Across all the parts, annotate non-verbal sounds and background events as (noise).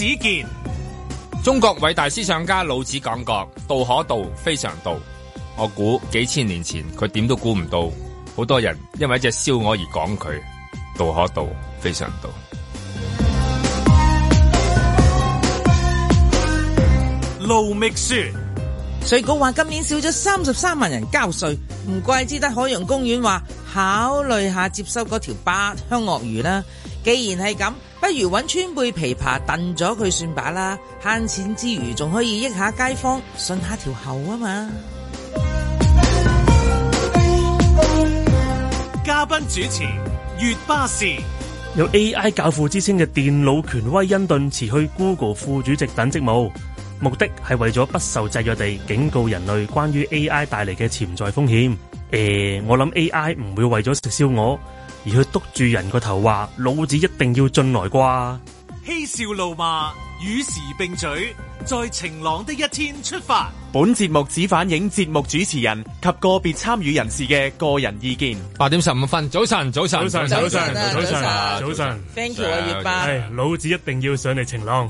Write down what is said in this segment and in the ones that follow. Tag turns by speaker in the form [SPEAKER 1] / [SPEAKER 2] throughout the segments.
[SPEAKER 1] 子健，見中國偉大思想家老子講過，道可道非常道。我估幾千年前佢點都估唔到，好多人因為一隻燒鵝而講佢道可道非常道。路覓舒，
[SPEAKER 2] 稅局話今年少咗三十三萬人交稅，唔怪之得海洋公園話考慮下接收嗰條八香鱷魚啦。既然係咁。不如揾川貝枇杷燉咗佢算把啦，慳錢之餘仲可以益下街坊，順下條喉啊嘛！
[SPEAKER 3] 嘉賓主持：月巴氏，
[SPEAKER 4] 有 AI 教父之稱嘅電腦權威恩頓辭去 Google 副主席等職務，目的係為咗不受制約地警告人類關於 AI 帶嚟嘅潛在風險。誒、呃，我諗 AI 唔會為咗食燒鵝。而佢篤住人個頭，話老子一定要進來啩，
[SPEAKER 3] 嬉笑怒罵。與時並舉，在晴朗的一天出發。
[SPEAKER 1] 本節目只反映節目主持人及個別參與人士嘅個人意見。八點十五分，早晨，早晨，早晨，早晨，早晨，早晨，
[SPEAKER 4] 早晨。Thank you 啊，月巴。係，
[SPEAKER 1] 老子一定要上嚟晴朗。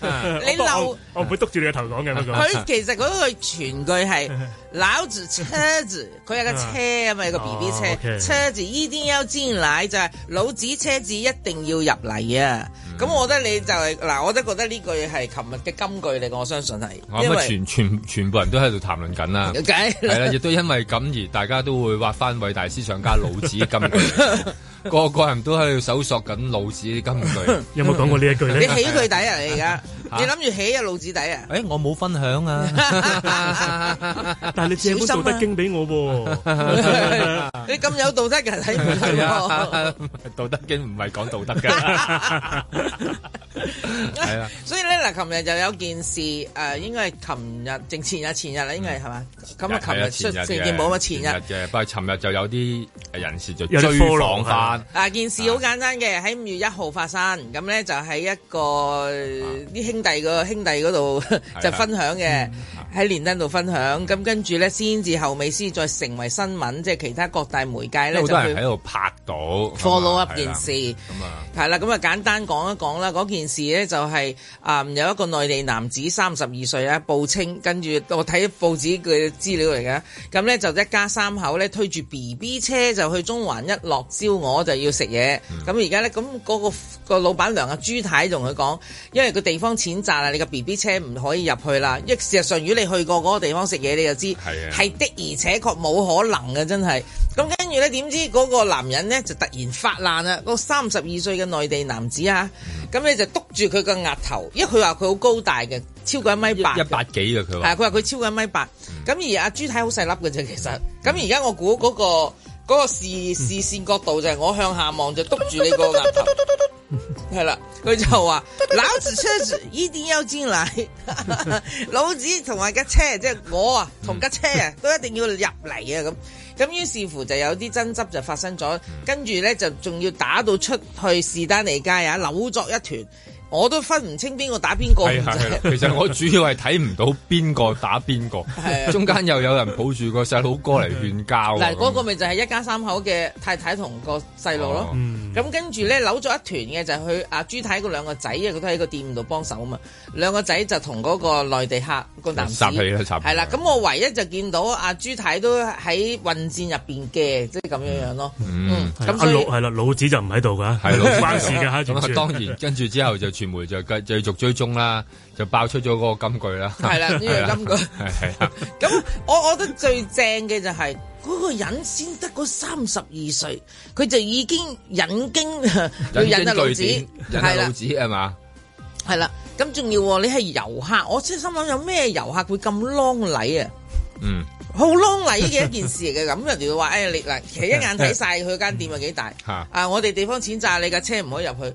[SPEAKER 2] 你漏，
[SPEAKER 4] 我唔會督住你嘅頭講嘅。佢 (laughs) 其
[SPEAKER 2] 實嗰個全句係老子車子，佢有個車啊嘛，有個 B B 車， (laughs) 車。車子一定要入嚟就係、是、老子車子一定要入嚟啊！咁、嗯、我覺得你就係、是、嗱、嗯，我都覺得呢句係琴日嘅金句嚟，我相信係。因為全
[SPEAKER 1] 全全部人都喺度談論緊啦、
[SPEAKER 2] 啊，係啦，亦了 (laughs)
[SPEAKER 1] 都因為咁而大家都會挖翻偉大思想家老子嘅金句，個 (laughs) 個人都喺度搜索緊老子嘅金句。 (laughs) 嗯、有冇講過呢一句咧？你起佢
[SPEAKER 2] 底呀，你而家。 (laughs) 你諗住起一腦子底
[SPEAKER 1] 啊？誒，我冇分享啊！
[SPEAKER 2] 但
[SPEAKER 4] 係你借本《道德經》俾我
[SPEAKER 5] 喎。你咁有道德嘅係唔錯。《道德經》唔係講道德嘅。係啦，
[SPEAKER 2] 所以咧嗱，琴日就有件事誒，應該係琴日定前日、前日啦，應該係嘛？咁啊，琴日出事件冇乜？前日
[SPEAKER 1] 嘅，不過琴日就有啲誒人士就追訪翻。
[SPEAKER 2] 嗱，件事好簡單嘅，喺五月一號發生，咁咧就喺一個啲興。兄弟個兄弟度 (laughs) 就分享嘅，喺的連登度分享，咁、嗯、跟住咧先至後尾先再成為新聞，即係其他各大媒介咧都多人喺
[SPEAKER 1] 度拍到去 follow up 的件事。咁
[SPEAKER 2] 啊，係啦，咁啊簡單講一講啦，件事咧就係、是、啊、嗯、有一個內地男子三十二歲啊報稱，跟住我睇報紙嘅資料嚟嘅，咁咧就一家三口咧推住 B B 車就去中環一落燒鵝就要食嘢，咁而家咧咁個個老闆娘阿朱太同佢講，因為個地方。錢賺啦，你個 B B 車唔可以入去啦。因為事實上，如果你去過嗰個地方食嘢，你就知係的，的而且確冇可能嘅，真係。咁跟住呢，點知嗰個男人呢，就突然發難發爛啦。個三十二歲嘅內地男子啊，咁、嗯、你就督住佢個額頭，因為佢話佢好高大嘅，超過一米八一，一百八幾一百
[SPEAKER 1] 幾嘅佢話。係佢話
[SPEAKER 2] 佢超過一米八。咁、嗯、而阿、啊、豬太好細粒嘅啫，其實。咁而家我估嗰、那個。嗰個視視線角度就係我向下望就篤住你個頭，係啦， (laughs) 佢就話 (laughs) 老子車依點優先嚟，老子同埋架車即係我啊同架車啊都一定要入嚟啊咁，咁於是乎就有啲爭執就發生咗，跟住咧就仲要打到出去士丹尼街啊，扭作一團。我都分唔清邊個打邊個。 (laughs) 其
[SPEAKER 1] 實我主要係睇唔到邊個打邊個， (laughs) 中間又有人抱住個細佬哥嚟勸教。嗱，嗰個
[SPEAKER 2] 咪就係一家三口嘅太太同、哦嗯啊、個細路咯。咁跟住咧扭咗一團嘅就去阿朱太嗰兩個仔，佢都喺個店度幫手啊嘛。兩個仔就同嗰個內地客個男。插佢都插。係啦，咁我唯一就見到阿、啊、朱太都喺混戰入邊嘅，即係咁樣樣咯。
[SPEAKER 4] 咁阿六係啦，老、啊、子就唔喺度噶，係唔關事。當然，
[SPEAKER 1] 跟住之後就。傳媒就繼繼續追蹤啦，就爆出咗嗰個金句啦。係啦，呢、這個金句係係
[SPEAKER 2] 咁我我覺得最正嘅就係、是、嗰、那個人先得嗰三十二歲，佢就已經引經 (laughs) 引，老引經據典。引經據典係嘛？係啦的。咁仲要喎、欸，你係遊客，我真係心諗有咩遊客會咁啷禮啊？嗯，好啷禮嘅一件事嚟嘅。咁人哋會話誒，你，嗱，其實一眼睇晒佢間店係幾大 (laughs) 啊，我哋地方淺窄，你架車唔可以入去。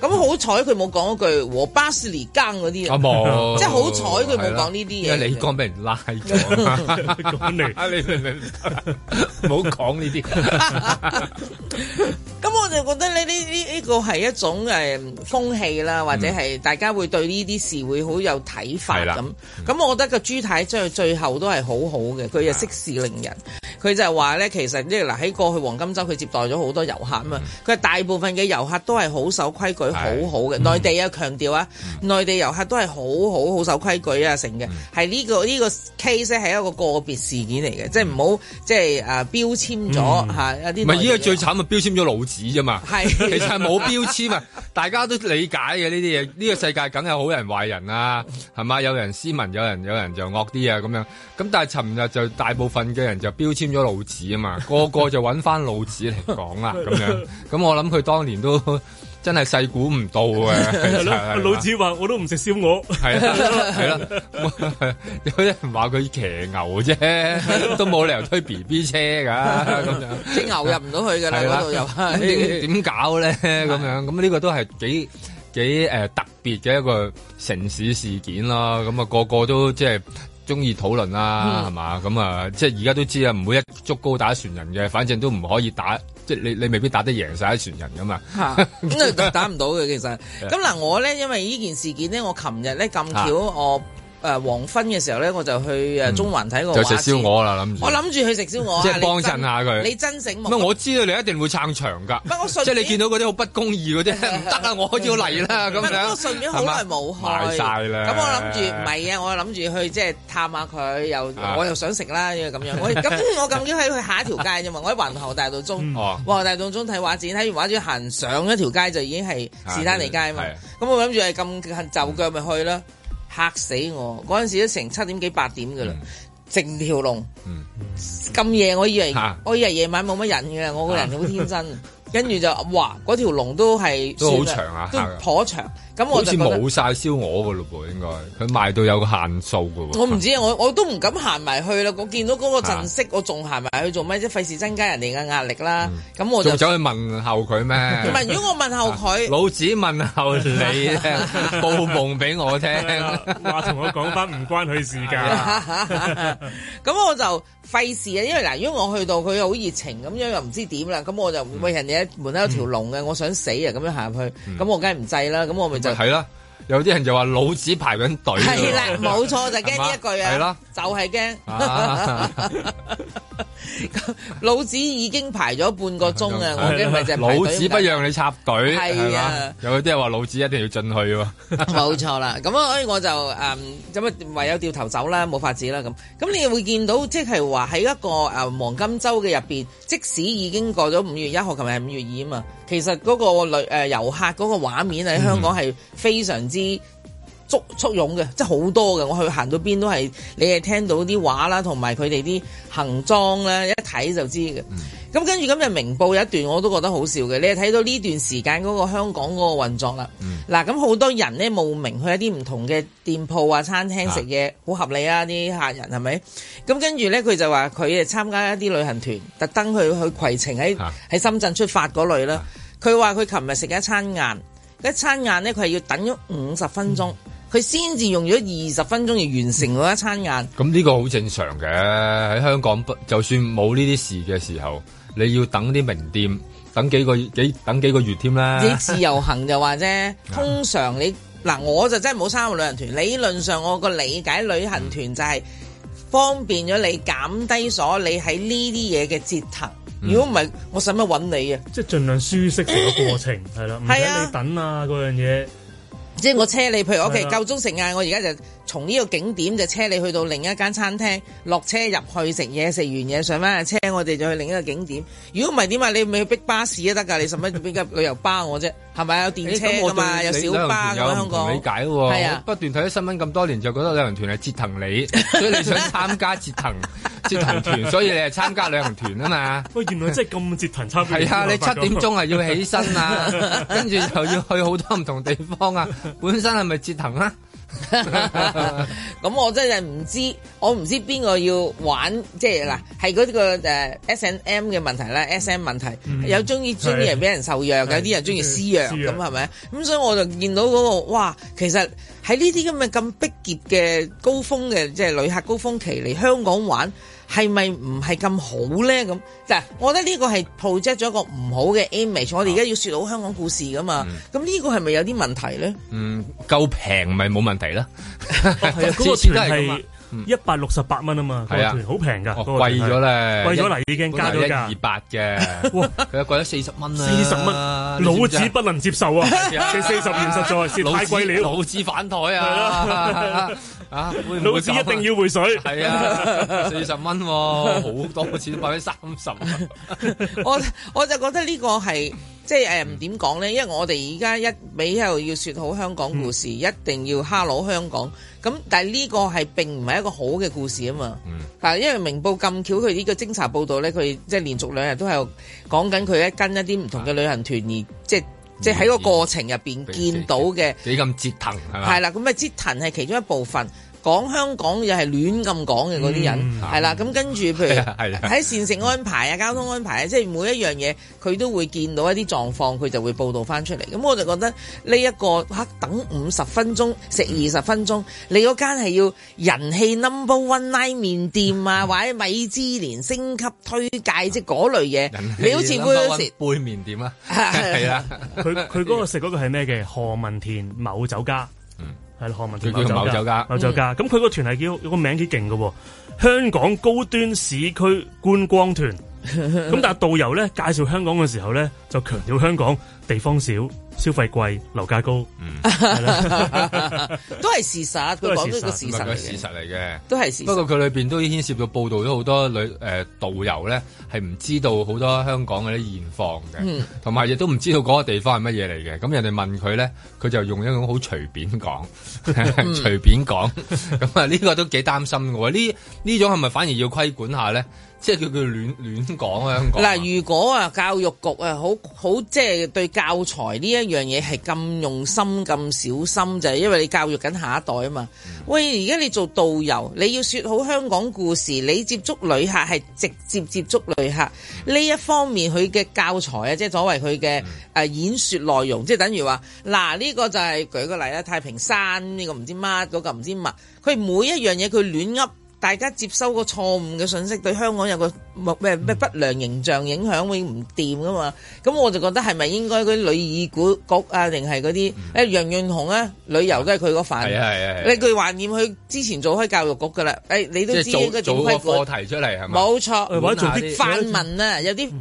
[SPEAKER 2] 咁好彩佢冇講嗰句和巴士尼更嗰啲啊即係好彩佢冇講呢啲嘢。你講俾
[SPEAKER 1] 人拉咁嚟，啊你你唔好講呢啲。
[SPEAKER 2] 咁我就覺得咧，呢呢呢個係一種誒風氣啦，或者係大家會對呢啲事會好有睇法咁。咁我覺得個朱太最最後都係好好嘅，佢又息事寧人。佢就話咧，其實咧嗱喺過去黃金週佢接待咗好多遊客啊嘛，佢大部分嘅遊客都係好守規矩。是好好嘅，內地啊，強調啊，嗯、內地遊客都係好好，好守規矩啊，成嘅、嗯。係呢、呢個呢、呢個 case 係一個個別事件嚟嘅，即係唔好即係誒標籤咗嚇有
[SPEAKER 1] 啲。唔係呢個最慘，咪標籤咗老子啫嘛。係是，其實係冇標籤啊， (laughs) 大家都理解嘅呢啲嘢。呢、呢個世界梗係好人壞人啦、啊，係嘛？有人斯文，有人有人就惡啲啊咁樣。咁但係尋日就大部分嘅人就標籤咗老子啊嘛， (laughs) 個個就揾翻老子嚟講啦咁樣。咁我諗佢當年都。真係細估唔到嘅， (laughs) 老子話我都唔食燒鵝。係啦，係啦，有啲人話佢騎牛啫，都冇理由推 B B 車噶，咁、啊、樣，啲牛入唔到去噶啦，嗰度、啊、又點、嗯、搞咧？咁、嗯、樣，咁呢個都係幾幾誒特別嘅一個城市事件啦。咁啊，個個都即、就、係、是，中意討論啦、啊，係嘛、嗯？咁啊，即係而家都知啊，唔會一竹篙打一船人嘅，反正都唔可以打，即係你你未必打得贏晒一船人噶嘛，咁、
[SPEAKER 2] 啊、 (laughs) 打唔到嘅其實。咁嗱、啊，我咧因為呢件事件咧，我琴日咧咁巧、啊、我。誒黃昏嘅時候咧，我就去誒中環睇個畫展就食燒
[SPEAKER 1] 鵝啦，諗住。我諗
[SPEAKER 2] 住去食燒鵝。即係幫襯下佢。你真醒目。咁我
[SPEAKER 1] 知道你一定會撐場㗎。乜我即係你見到嗰啲好不公義嗰啲，唔得
[SPEAKER 2] 啊！我都要嚟啦，咁樣。唔係，好耐冇去，賣咁我諗住，唔係啊！我諗住去即係探下佢，又我又想食啦，因為咁樣。咁我咁啱喺佢下一條街啫嘛。我喺皇后大道中。哦。后大道中睇畫展，睇完畫展行上一條街就已經係士丹利街嘛。咁我諗住係咁近就腳咪去啦。嚇死我！嗰陣時都成七點幾八點㗎喇，整、嗯、條龍咁夜、嗯，我以為哈 我以為夜晚冇乜人嘅，我個人好天真。跟住哈 就哇，嗰條龍都係都好長啊，都頗長。咁我好似冇
[SPEAKER 1] 晒燒鵝嘅咯噃，應該佢賣到有個限數嘅喎。我
[SPEAKER 2] 唔知啊，我我都唔敢行埋去啦。我見到嗰個陣式，我仲行埋去做咩啫？費事增加人哋嘅壓力啦。咁我就走
[SPEAKER 1] 去問候佢咩？唔係，如果我問候佢，老子問候你，報夢俾我聽，話同我講翻唔關佢事
[SPEAKER 6] 㗎。
[SPEAKER 2] 咁我就費事啊，因為嗱，如果我去到佢好熱情咁樣，又唔知點啦。咁我就喂，人哋喺門口有條龍嘅，我想死啊！咁樣行入去，咁我梗係唔制啦。咁我
[SPEAKER 1] 咪就。係啦，有啲人就話老子排緊隊，係啦吧，冇錯就驚、是、呢一句嘢，係啦吧，
[SPEAKER 2] 就係驚。吧 (laughs) (laughs) (laughs) 老子已經排咗半個鐘啊！我哋唔係就老子不讓
[SPEAKER 1] 你插隊係啊，有啲人話老子一定要進去喎，
[SPEAKER 2] 冇 (laughs) 錯啦。咁啊，所以我就誒咁啊，唯有掉頭走啦，冇法子啦。咁咁，你會見到，即係話喺一個誒黃、呃、金周嘅入邊，即使已經過咗五月一號，琴日係五月二啊嘛，其實嗰個旅誒遊客嗰個畫面喺香港係非常之。嗯簇擁嘅，即係好多嘅。我去行到邊都係，你係聽到啲話啦，同埋佢哋啲行裝啦，一睇就知嘅。咁跟住今日明報有一段我都覺得好笑嘅，你係睇到呢段時間嗰個香港嗰個運作啦。嗱，咁好多人咧慕名去一啲唔同嘅店鋪啊、餐廳食嘢，好合理啊啲客人係咪？咁跟住咧佢就話佢誒參加一啲旅行團，特登去去攜程喺喺深圳出發嗰類啦。佢話佢琴日食一餐晏，一餐晏咧佢係要等咗五十分鐘。佢先至用咗二十分鐘嚟完成嗰一餐晏，嗯。
[SPEAKER 1] 咁呢個好正常嘅喺香港，不就算冇呢啲事嘅時候，你要等啲名店等幾個幾等幾個月添啦。你自
[SPEAKER 2] 由行就話啫，通常你嗱我就真係冇參加旅行團。理論上我個理解旅行團就係方便咗你減低咗你喺呢啲嘢嘅折騰。如果唔係，我使乜揾你啊？
[SPEAKER 4] 即係儘量舒適成個過程，係啦、嗯，唔使 (coughs) 你等啊嗰樣嘢。
[SPEAKER 2] 即係我車你，譬如我屋企夠鍾食晏！我而家就從呢個景點就車你去到另一間餐廳，落車入去食嘢，食完嘢上翻架車，我哋就去另一個景點。如果唔係點啊？你咪去逼巴士都得㗎，你使乜邊間旅遊巴我？我啫？係咪有電車㗎嘛，欸、有小巴咁樣
[SPEAKER 1] 講。係啊，啊不斷睇啲新聞咁多年，就覺得旅行團係折騰你，所以你想參加折騰折騰 (laughs) 團，所以你係參加旅行團啊嘛。喂， (laughs) 原來真係咁折騰差別、啊。係啊，你七點鐘係要起身啊， (laughs) 跟住就要去好多唔同地方啊。本身係咪折騰啦？咁 (laughs) (laughs) 我真係唔知，
[SPEAKER 2] 我唔知邊個要玩，即係嗱，係嗰個 S&M 嘅問題啦 S&M 問題有中意專業人俾人受虐，mm. 有啲人中意施虐咁係咪？咁、嗯、所以我就見到嗰、嗰個，哇！其實喺呢啲咁嘅咁逼仄嘅高峰嘅即係旅客高峰期嚟香港玩。係咪唔係咁好咧？咁，就我覺得呢個係 project 咗一個唔好嘅 image。我哋而家要說好香港故事噶嘛，咁呢個係咪有啲問題咧？嗯，
[SPEAKER 1] 夠平咪冇問題啦。嗰個團係一百六
[SPEAKER 4] 十八蚊啊嘛，係啊，好平噶。哦，貴咗咧，貴咗嚟已經加咗二
[SPEAKER 1] 百嘅。佢又貴咗四十蚊啊！四十蚊，老子不能接
[SPEAKER 4] 受啊！你四十唔實在，是太貴你老子反台啊！啊，會唔、啊、一定要
[SPEAKER 1] 回水？係 (laughs) 啊，四十蚊喎， (laughs) 好多錢擺喺三十。
[SPEAKER 2] 啊、 (laughs) (laughs) 我我就覺得個、就是呃、呢個係即係唔點講咧？因為我哋而家一尾又要説好香港故事，嗯、一定要哈佬香港。咁但係呢個係並唔係一個好嘅故事啊嘛。嗯、但係因為明報咁巧，佢呢個偵查報道咧，佢即係連續兩日都係講緊佢一跟一啲唔同嘅旅行團而即係。嗯嗯即係喺個過程入邊見到嘅，
[SPEAKER 1] 幾咁折騰係嘛？係啦，
[SPEAKER 2] 咁啊折騰係其中一部分。講香港又係亂咁講嘅嗰啲人係啦，咁跟住譬如喺膳食安排啊、交通安排啊，即係每一樣嘢佢都會見到一啲狀況，佢就會報道翻出嚟。咁、嗯、我就覺得呢一、這個嚇等五十分鐘食二十分鐘，你嗰間係要人氣 number one 拉麵店啊，的或者米芝蓮星級推介即係嗰類嘢。你好似 one, 杯麵
[SPEAKER 4] 杯麵點啊？係啊，佢佢嗰個食嗰個係咩嘅？何文田某酒家。 (laughs) (laughs) 係啦，何文田某酒家，某酒家。咁佢個團係叫有個名幾勁嘅，香港高端市區觀光團，咁 (laughs) 但係導遊咧介紹香港嘅時候咧，就強調香港地方少。消費貴，樓價高，嗯，
[SPEAKER 1] (laughs)
[SPEAKER 2] (laughs) 都係事實，佢講都係事實嚟嘅，都係事實。不過
[SPEAKER 1] 佢裏邊都牽涉到報道咗好多女、呃、導遊咧，係唔知道好多香港嗰啲現況嘅，同埋亦都唔知道嗰個地方係乜嘢嚟嘅。咁人哋問佢咧，佢就用一種好隨便講，隨 (laughs) 便講說，咁啊呢個都幾擔心嘅。呢呢種係咪反而要規管下咧？即、就、係、是、叫佢亂亂講香港嗱、
[SPEAKER 2] 啊， (laughs) 如果啊教育局啊好好即係、就是、對教材呢一樣嘢係咁用心、咁小心就係，因為你教育緊下一代啊嘛。喂，而家你做導遊，你要説好香港故事，你接觸旅客係直接接觸旅客。呢一方面，佢嘅教材啊，即係所謂佢嘅誒演説內容，即係等於話嗱，呢個就係舉個例啦，太平山呢個唔知乜嗰個唔知乜。佢每一樣嘢佢亂噏。大家接收個錯誤嘅信息，對香港有個咩咩不良形象影響會唔掂噶嘛？咁、嗯、我就覺得係咪應該嗰啲旅遊股局啊，定係嗰啲？誒、嗯、楊潤雄啊，旅遊都係佢個範。係係你句話點？佢之前做開教育局噶啦。誒、嗯，你都知應該點規劃？冇錯。或者做啲範文啊，有啲誒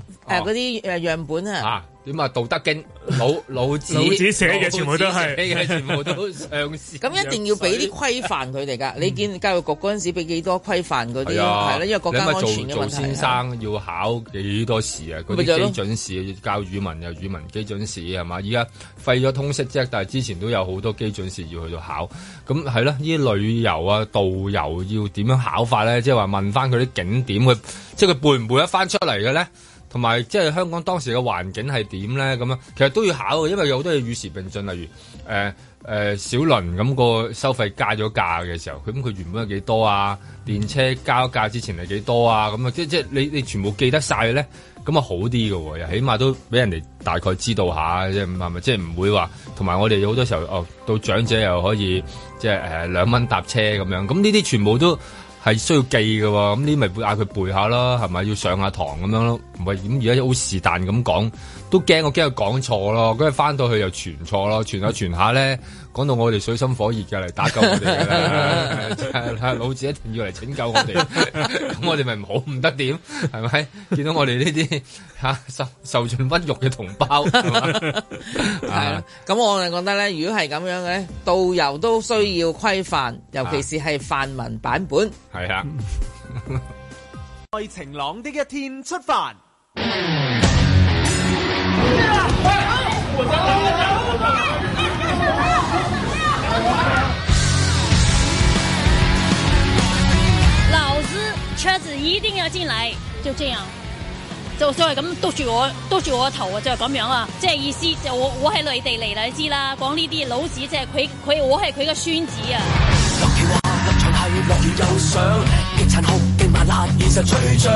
[SPEAKER 2] 嗰啲
[SPEAKER 1] 誒樣本啊。啊點啊《道德經》老老子， (laughs) 老子寫嘅全部都係，嘅 (laughs) 全部都相似。咁一定要俾啲
[SPEAKER 2] 規範佢哋噶。 (laughs) 你見教育局嗰陣時俾幾多規範佢哋係啦，嗯啊、因為國家安全嘅問題，你想唔想做做先生
[SPEAKER 1] 要考幾多試啊？佢啲、啊、基準試教語文又語文基準試係嘛？依家廢咗通識啫，但係之前都有好多基準試要去到考。咁係咯，呢啲旅遊啊導遊要點樣考法咧？即係話問翻佢啲景點，佢即係佢背唔背得翻出嚟嘅咧？同埋即係香港當時嘅環境係點咧咁啊？其實都要考嘅，因為有好多嘢與時並進，例如誒誒、呃呃、小輪咁個收費加咗價嘅時候，咁佢原本係幾多啊？電車加咗價之前係幾多啊？咁啊即即你你全部記得晒咧，咁啊好啲嘅喎，又起碼都俾人哋大概知道下，即係係咪即係唔會話，同埋我哋好多時候哦，到長者又可以即係誒、呃、兩蚊搭車咁樣，咁呢啲全部都係需要記嘅喎，咁你咪嗌佢背下咯，係咪要上下堂咁樣咯？唔係咁，而家好是但咁講，都驚我驚佢講錯咯，跟住翻到去又傳錯咯，傳下傳下咧。嗯講到我哋水深火熱嘅嚟，打救我哋 (laughs) 老子一定要嚟拯救我哋，咁我哋咪唔好唔得點？係咪？見到我哋呢啲吓，受受盡屈辱嘅同胞，係
[SPEAKER 2] 咁、 (laughs) (laughs) 嗯、我哋覺得咧，如果係咁樣嘅，導遊都需要規範，尤其是係泛民版本。
[SPEAKER 1] 係 (laughs) 啊，
[SPEAKER 3] 為晴朗的一天出發。 (laughs) Cody and ables
[SPEAKER 6] 先嚟就這樣，就所謂咁督住我督住我個頭啊！就係咁樣啊！即係意思就我我喺內地嚟啦，你知啦。講呢啲老子
[SPEAKER 2] 即係佢佢，我係佢嘅孫子
[SPEAKER 6] 啊。 (music) 突然吹脹，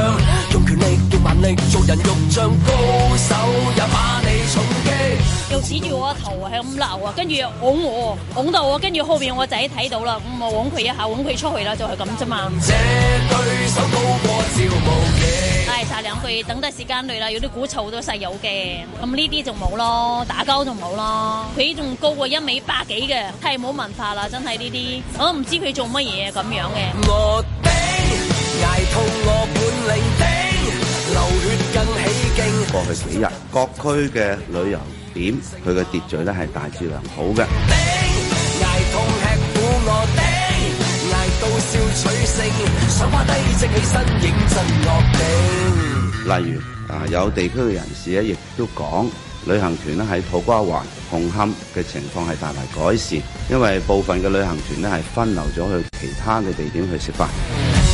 [SPEAKER 6] 用權力用蠻力做人肉像高手也把你重擊，又指住我個頭啊，係咁鬧啊，跟住又拱我，拱到我，跟住後，後面我仔睇到啦，咁、嗯、我拱佢一下，拱佢出去啦，就係咁啫嘛。這對手高過趙無忌，唉，殺兩句，等得時間耐啦，有啲鼓噪都實有嘅，咁呢啲就冇咯，打交就冇咯，佢仲高過一米八幾嘅，太冇文化啦，真係呢啲，我都唔知佢做乜嘢咁樣嘅。
[SPEAKER 5] 過去幾日，各區嘅旅遊點，佢嘅秩序咧，係大致良好
[SPEAKER 6] 嘅。
[SPEAKER 5] 例如啊，有地區嘅人士咧，亦都講，旅行團咧喺土瓜灣、紅磡嘅情況係大大改善，因為部分嘅旅行團咧係分流咗去其他嘅地點去食飯。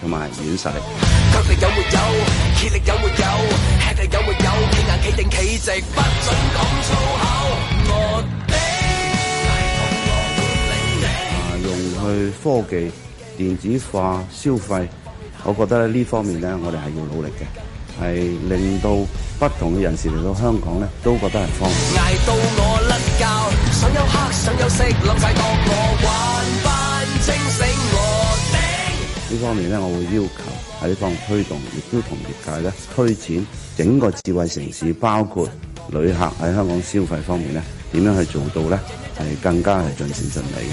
[SPEAKER 5] 同埋軟實力，啊！用去科技電子化消費，我覺得咧呢方面咧，我哋係要努力嘅，係令到不同嘅人士嚟到香港咧，都覺得係方
[SPEAKER 6] 便。
[SPEAKER 5] 呢方面咧，我會要求喺呢方推動亦都同業界咧，推展整個智慧城市，包括旅客喺香港消費方面咧，點樣去做到咧，係更加係盡善盡美
[SPEAKER 3] 嘅。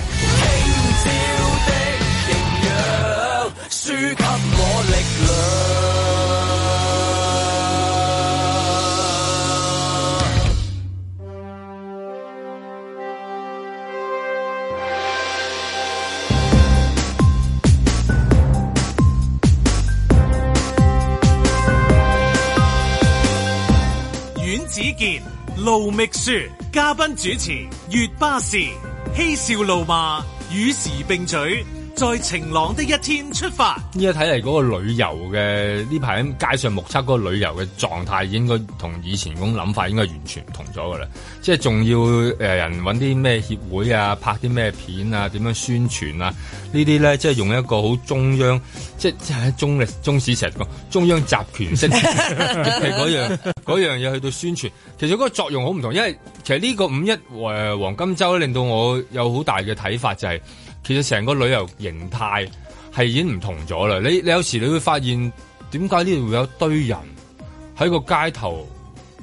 [SPEAKER 3] 見盧覓雪，嘉賓主持，月巴士，嬉笑怒罵，與時並舉。在晴朗的一天出發，
[SPEAKER 1] 依家睇嚟，嗰個旅遊嘅呢排喺街上目測嗰個旅遊嘅狀態，應該同以前咁諗法應該完全唔同咗噶啦。即係仲要誒人揾啲咩協會啊，拍啲咩片啊，點樣宣傳啊？呢啲咧即係用一個好中央，即係即係喺中歷中史成個中央集權式嗰 (laughs) 樣嗰 (laughs) 樣嘢去到宣傳，其實嗰個作用好唔同。因為其實呢個五一誒、呃、黃金周咧，令到我有好大嘅睇法就係、是。其實成個旅遊形態係已經唔同咗啦，你你有時你會發現點解呢度會有堆人喺個街頭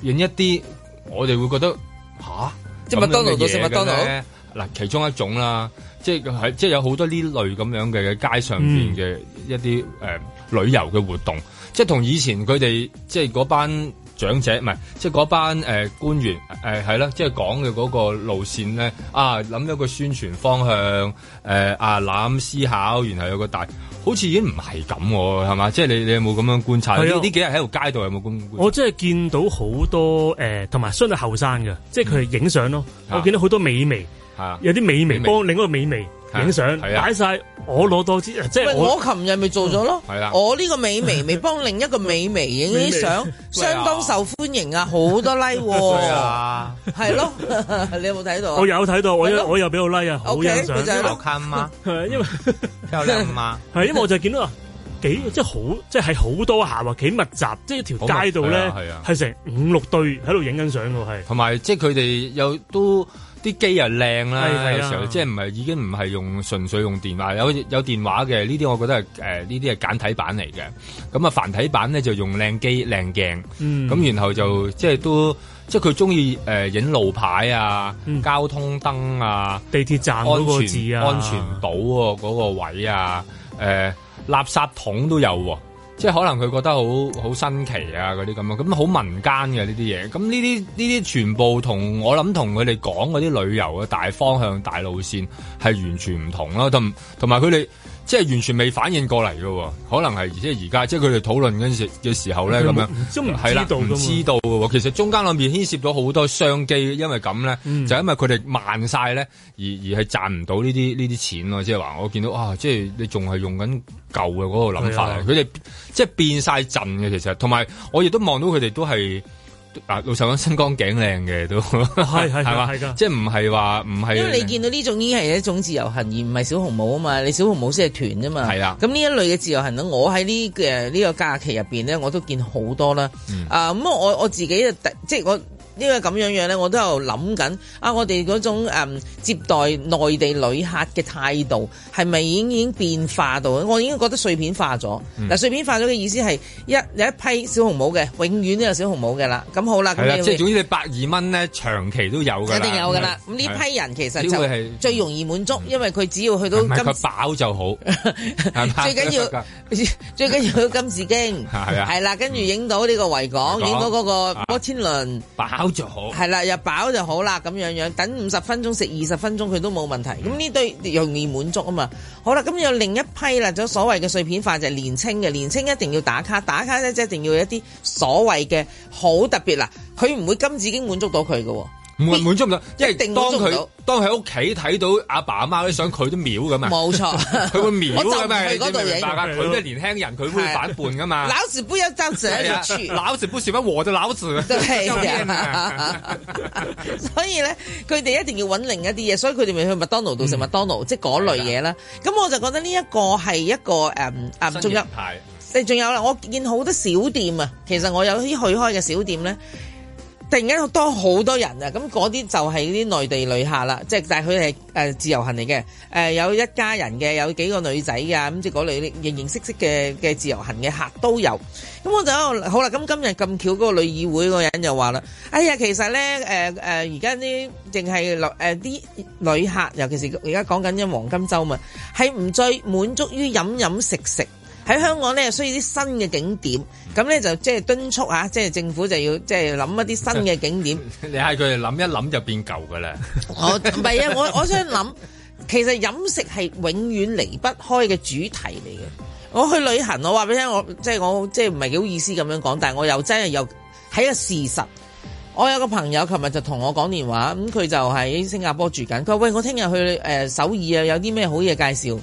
[SPEAKER 1] 影一啲，我哋會覺得吓，啊、即係麥當勞到食麥當勞，嗱，其中一種啦，即係係即係有好多呢類咁樣嘅街上邊嘅一啲誒、嗯呃、旅遊嘅活動，即係同以前佢哋即係嗰班。長者唔係即係嗰班誒、呃、官員誒係啦，即係講嘅嗰個路線咧啊，諗一個宣傳方向誒、呃、啊，諗思考，然後有個大，好似已經唔係咁喎，係嘛？即係你你有冇咁樣觀察？呢呢的幾日喺條街道有冇觀察？
[SPEAKER 4] 我真係見到好多誒，同埋相對後生嘅，即係佢係影相咯。嗯、我見到好多美眉，啊、有啲美眉，美眉幫另外一個美眉。
[SPEAKER 5] 影相擺晒，
[SPEAKER 2] 我攞多啲，即係我琴日咪做咗咯。係啦，我呢個美眉咪幫另一個美眉影啲相，相當受歡迎啊，好多 like。係啊，係咯，你有冇睇到？我有睇
[SPEAKER 4] 到，我我又俾到 like 啊，好多相。就喺度啊嘛，因為夠靚嘛，係因為我就見到啊，幾即係好，即係
[SPEAKER 1] 好多下啊，幾密集，即係條街度咧係
[SPEAKER 4] 成五六對喺度影緊相噶，係。
[SPEAKER 1] 同埋即係佢哋又都。啲機又靚啦，啊、有時候即係唔係已經唔係用純粹用電話，有有電話嘅呢啲，我覺得係誒呢啲係簡體版嚟嘅。咁啊繁體版咧就用靚機靚鏡，咁、嗯、然後就、嗯、即係都即係佢鍾意誒影路牌啊、交通燈啊、嗯、全地鐵站嗰個字啊、安全島嗰個位啊、誒、呃、垃圾桶都有喎、啊。即係可能佢覺得好好新奇啊嗰啲咁啊，咁好民間嘅呢啲嘢，咁呢啲呢啲全部同我諗同佢哋講嗰啲旅遊嘅大方向、大路線係完全唔同囉，同同埋佢哋。即係完全未反應過嚟咯，可能係即係而家即係佢哋討論嗰時嘅時候咧咁樣，係啦，唔知道嘅喎。其實中間裏面牽涉到好多商機，因為咁咧，嗯、就因為佢哋慢晒咧，而而係賺唔到呢啲呢啲錢咯。即係話我見到啊，即係你仲係用緊舊嘅嗰個諗法佢哋的即係變晒陣嘅其實，同埋我亦都望到佢哋都係。老實講，身光頸靚嘅都係係嘛，即係唔係話唔係，因為你見
[SPEAKER 2] 到呢種已經係一種自由行而唔係小紅帽啊嘛，你小紅帽先係團啫嘛。係啦，咁呢一類嘅自由行咧，我喺呢嘅呢個假期入邊咧，我都見好多啦。啊、嗯 uh,，咁我我自己即係我。因為咁樣樣咧，我都有諗緊啊！我哋嗰種接待內地旅客嘅態度，係咪已經已經變化到？我已經覺得碎片化咗。嗱，碎片化咗嘅意思係一有一批小紅帽嘅，永遠都有小紅帽嘅啦。咁好啦，係啊，即係總之
[SPEAKER 1] 你百二蚊咧，長期都有嘅，一定有嘅啦。咁呢批人其實就最
[SPEAKER 2] 容易滿足，因為佢只要去到金
[SPEAKER 1] 飽就好，最緊要
[SPEAKER 2] 最緊要金紫荊，係啊，係啦，跟住影到呢個維港，影到嗰個摩天輪。
[SPEAKER 1] 好就好，係
[SPEAKER 2] 啦，入飽就好啦，咁樣樣，等五十分鐘食二十分鐘佢都冇問題。咁呢對容易滿足啊嘛。好啦，咁有另一批啦，就所謂嘅碎片化就係年青嘅，年青一定要打卡，打卡咧即一定要一啲所謂嘅好特別嗱，佢唔會今已經滿足到
[SPEAKER 1] 佢噶。滿滿足唔到，因為當佢當喺屋企睇到阿爸阿媽都想佢都秒噶嘛。冇錯，佢會秒佢咩？嗰對眼，佢都係年輕人，佢會反叛噶嘛。老
[SPEAKER 2] 子不周子一個處，老
[SPEAKER 1] 子不是乜和就老子。都係啊，
[SPEAKER 2] 所以咧，佢哋一定要揾另一啲嘢，所以佢哋咪去麥當勞度食麥當勞，即係嗰類嘢啦。咁我就覺得呢一個係一個誒中一。仲
[SPEAKER 1] 有，
[SPEAKER 2] 誒仲有啦，我見好多小店啊。其實我有啲去開嘅小店咧。突然間多好多人啊。咁嗰啲就係啲內地旅客啦，即係但係佢係誒自由行嚟嘅，誒、呃、有一家人嘅，有幾個女仔嘅，咁即係嗰類形形色色嘅嘅自由行嘅客都有。咁我就好啦，咁今日咁巧嗰、那個旅議會個人又話啦：哎呀，其實呢，誒、呃、誒，而家啲淨係落啲旅客，尤其是而家講緊因黃金週嘛，係唔再滿足於飲飲食食，喺香港呢，需要啲新嘅景點。咁咧就即係敦促下，即、啊、係政府就要即係諗一啲新嘅景點。
[SPEAKER 1] (laughs) 你嗌佢諗一諗就變舊㗎喇。 (laughs)
[SPEAKER 2] 我唔係啊，我我想諗，其實飲食係永遠離不開嘅主題嚟嘅。我去旅行，我話俾你聽，我，我即係我即係唔係幾好意思咁樣講，但係我又真係又係一個事實。我有個朋友琴日就同我講電話，咁、嗯、佢就喺新加坡住緊。佢話：喂，我聽日去誒、呃、首爾啊，有啲咩好嘢介紹？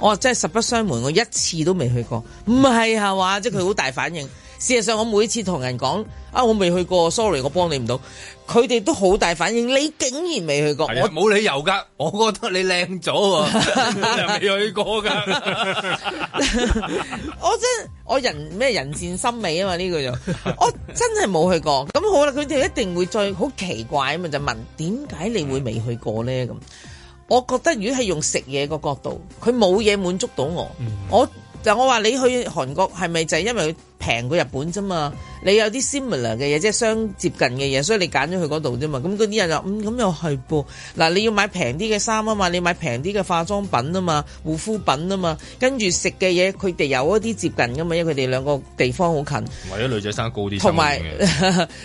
[SPEAKER 2] 我真係實不相瞞，我一次都未去過。唔係啩話，即係佢好大反應。事實上，我每次同人講啊，我未去過，Sorry，我幫你唔到。佢哋都好大反應，你竟然未去過？冇的我理
[SPEAKER 1] 由㗎，我覺得你靚咗喎， (laughs) 你未去過㗎。 (laughs) (laughs) (laughs) 我真我人
[SPEAKER 2] 咩人善心美啊嘛？呢個就我真係冇去過。咁好啦，佢哋一定會再好奇怪啊嘛，就問點解你會未去過咧咁？我覺得如果係用食嘢個角度，佢冇嘢滿足到我，我。就我話你去韓國係咪就係因為佢平過日本啫嘛？你有啲 similar 嘅嘢，即係相接近嘅嘢，所以你揀咗去嗰度啫嘛。咁嗰啲人就嗯，咁又係噃。嗱，你要買平啲嘅衫啊嘛，你買平啲嘅化妝品啊嘛，護膚品啊嘛。跟住食嘅嘢，佢哋有一啲接近噶嘛，因為佢哋兩個地方好近。
[SPEAKER 1] 為咗女仔生，生高啲，同埋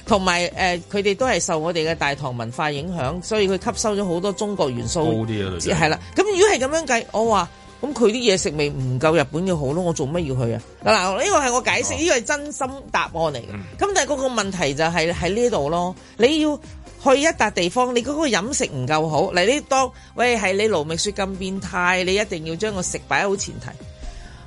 [SPEAKER 2] 同埋誒，佢哋、呃、都係受我哋嘅大唐文化影響，所以佢吸收咗好多中國元素。高啲啊，
[SPEAKER 1] 女仔。係啦，
[SPEAKER 2] 咁如果係咁樣計，我話。咁佢啲嘢食味唔夠日本嘅好咯，我做乜要去啊？嗱，呢個係我解釋，呢、呢個係真心答案嚟嘅。咁但係嗰個問題就係喺呢度咯。你要去一笪地方，你嗰個飲食唔夠好，嚟呢當喂係你盧覓雪咁變態，你一定要將個食擺喺好前提。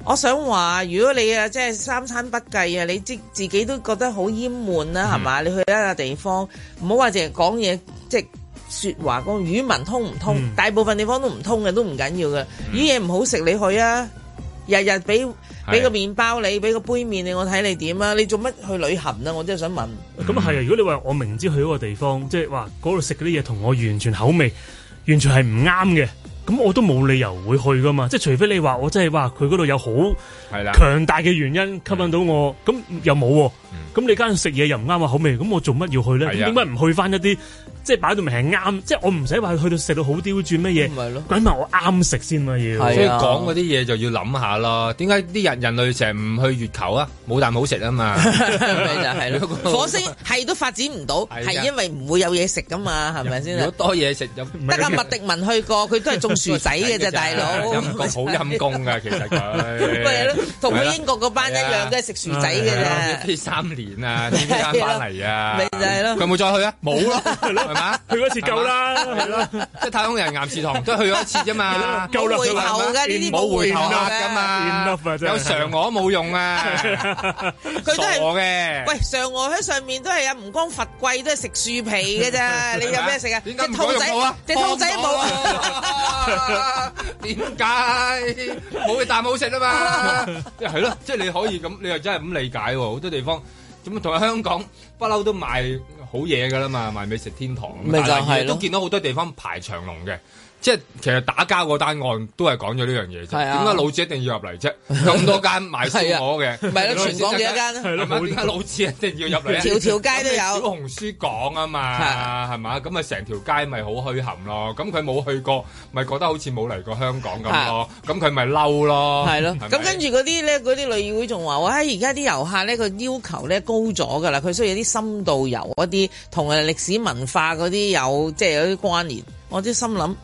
[SPEAKER 2] 我想話，如果你啊即係三餐不繼啊，你即自己都覺得好厭悶呀，係嘛？你去一笪地方，唔好話淨係講嘢，即。說話個語文通唔通？嗯、大部分地方都唔通嘅，都唔緊要嘅。呢嘢唔好食，你去啊？日日俾俾個麵包你，俾個杯麵你，我睇你點啊？的你做乜去旅行啊？我真係想問。
[SPEAKER 4] 咁啊係啊！如果你話我明知去一個地方，即係話嗰度食嗰啲嘢同我完全口味，完全係唔啱嘅。咁我都冇理由會去噶嘛，即係除非你話我真係話，佢嗰度有好強大嘅原因吸引到我，咁又冇，咁你間食嘢又唔啱我口味，咁我做乜要去咧？點解唔去翻一啲即係擺到明係啱？即係我唔使話去到食到好刁轉乜嘢，鬼問我啱食先乜嘢？所以講嗰
[SPEAKER 1] 啲嘢就要諗下囉。點解啲人人類成日唔去月球啊？冇但冇食啊嘛，係咯，火星
[SPEAKER 2] 係都發展唔到，係因為唔會有嘢食噶嘛，係咪先？好多嘢食，得個麥迪文去過，佢都係仲。薯仔嘅啫，大佬。陰公好陰公
[SPEAKER 1] 噶，其實佢。咪係咯，
[SPEAKER 2] 同佢英國嗰班一樣，都係食薯仔嘅啫。
[SPEAKER 1] 三年啊，點間翻嚟啊？咪就係咯。佢有冇再去啊？冇咯，係咯，係嘛？去嗰次夠啦，係咯。即係太空人岩士堂都去咗一次啫嘛。夠啦，冇回頭嘅呢啲，冇回頭嘅。有嫦娥冇用啊！
[SPEAKER 2] 佢都係傻嘅。喂，嫦娥喺上面都係有唔光佛桂，都係食樹皮嘅
[SPEAKER 1] 啫。你有咩食啊？隻兔仔，隻兔仔冇。點解冇嘅蛋冇食啊嘛，即係咯，即係你可以咁，你又真係咁理解喎。好多地方，咁同香港不嬲都賣好嘢噶啦嘛，賣美食天堂，但係都見到好多地方排長龍嘅。即係其實打交嗰單案都係講咗呢樣嘢啫，點解老子一定要入嚟啫？咁多間賣燒鵝嘅，唔係咯？全港幾多間咧？老老子一定要入嚟，條條街都有。小紅書講啊嘛，係嘛？咁啊成條街咪好墟冚咯？咁佢冇去過，咪覺得好似冇嚟過香港咁咯？咁佢咪嬲咯？係咯？咁跟
[SPEAKER 2] 住嗰啲咧，嗰啲旅議會仲話：，哇！而家啲遊客咧，佢要求咧高咗噶啦，佢需要啲深度遊，一啲同誒歷史文化嗰啲有，即係有啲關聯。我啲心諗。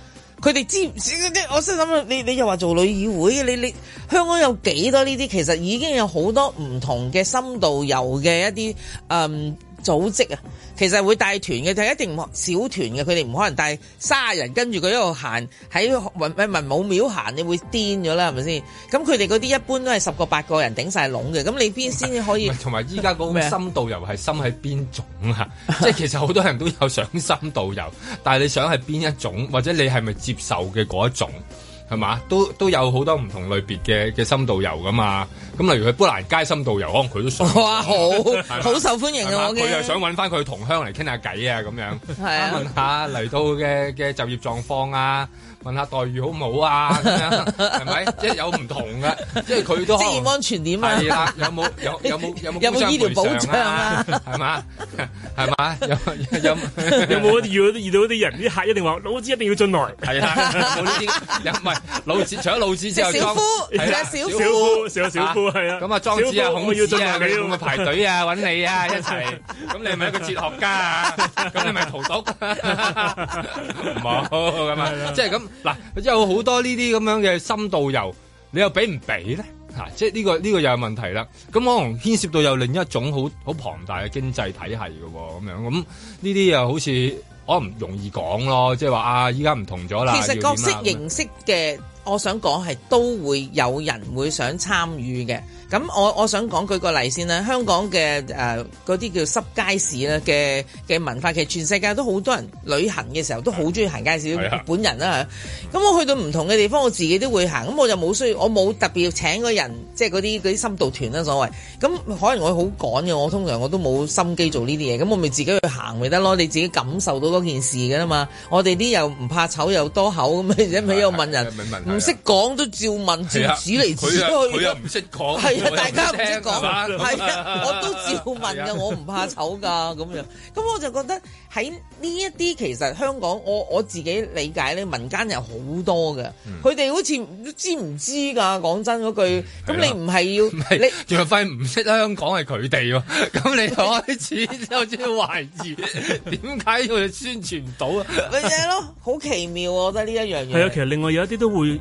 [SPEAKER 2] 佢哋知唔知嗰啲？我心諗啊！你你又話做女議會，你你香港有幾多呢啲？其實已經有好多唔同嘅深度遊嘅一啲誒。嗯組織啊，其實會帶團嘅，但係一定小團嘅，佢哋唔可能帶卅人跟住佢一路行喺文，唔係文武廟行，你會癲咗啦，係咪先？咁佢哋嗰啲一般都係十個八個人頂晒籠嘅，咁你邊先
[SPEAKER 1] 至可以？同埋依家嗰個深度遊係深喺邊種啊？麼即係其實好多人都有想深度遊， (laughs) 但係你想係邊一種，或者你係咪接受嘅嗰一種？係嘛，都都有好多唔同類別嘅嘅深度遊噶嘛，咁例如去砵蘭街深度遊，可能佢都想哇，好好受歡迎啊！我佢又想揾翻佢同鄉嚟傾下偈啊，咁樣係啊，問下嚟到嘅嘅就業狀況啊，問下待遇好唔好啊，咁樣係咪？即係有唔同噶，即係佢都職業安全點啊？係啦，有冇有有冇有冇醫療保障啊？係嘛係嘛？有有
[SPEAKER 4] 有冇遇到遇到啲人啲客一定話，老子一定要進來係啦，唔係。
[SPEAKER 1] 老子除咗老子之後，小夫，小夫，仲有小小夫，係 (laughs) 啊，咁啊，莊子啊，孔子啊，咁啊排隊啊，揾你啊，一齊，咁、嗯、你咪一個哲學家啊，啊，咁你咪屠毒，咁、這、冇、個，咁啊，即係咁，嗱，即有好多呢啲咁樣嘅深度遊，你又俾唔俾咧？嗱，即係呢個呢個又有問題啦，咁可能牽涉到有另一種好好龐大嘅經濟體系嘅，咁樣，咁呢啲又好似。我唔容易講咯，即係話啊，依家唔同咗啦。其實角色形
[SPEAKER 2] 式嘅。我想講係都會有人會想參與嘅，咁我我想講舉個例先啦，香港嘅誒嗰啲叫濕街市咧嘅嘅文化，其實全世界都好多人旅行嘅時候都好中意行街市，的本人啦嚇。咁我去到唔同嘅地方，我自己都會行，咁我就冇需要，我冇特別請個人，即係嗰啲啲深度團啦所謂。咁可能我好趕嘅，我通常我都冇心機做呢啲嘢，咁我咪自己去就行咪得咯，你自己感受到嗰件事㗎啦嘛。我哋啲又唔怕醜又多口，咁一味又問人。唔識講都照問，照指嚟指去。佢又佢唔
[SPEAKER 1] 識講。係啊，大家唔識講。係啊，我都照問㗎，我唔
[SPEAKER 2] 怕醜㗎咁樣。咁我就覺得喺呢一啲其實香港，我我自己理解咧，民間有好多嘅。嗯。佢哋好似知唔知㗎？講真嗰句，咁你唔係要？
[SPEAKER 1] 唔係你楊輝唔識香港係佢哋喎。咁你開始有啲懷疑，點解佢哋宣傳唔到啊？
[SPEAKER 2] 乜嘢咯？好奇妙，我覺得呢一樣嘢。係啊，其
[SPEAKER 4] 實另外有一啲都會。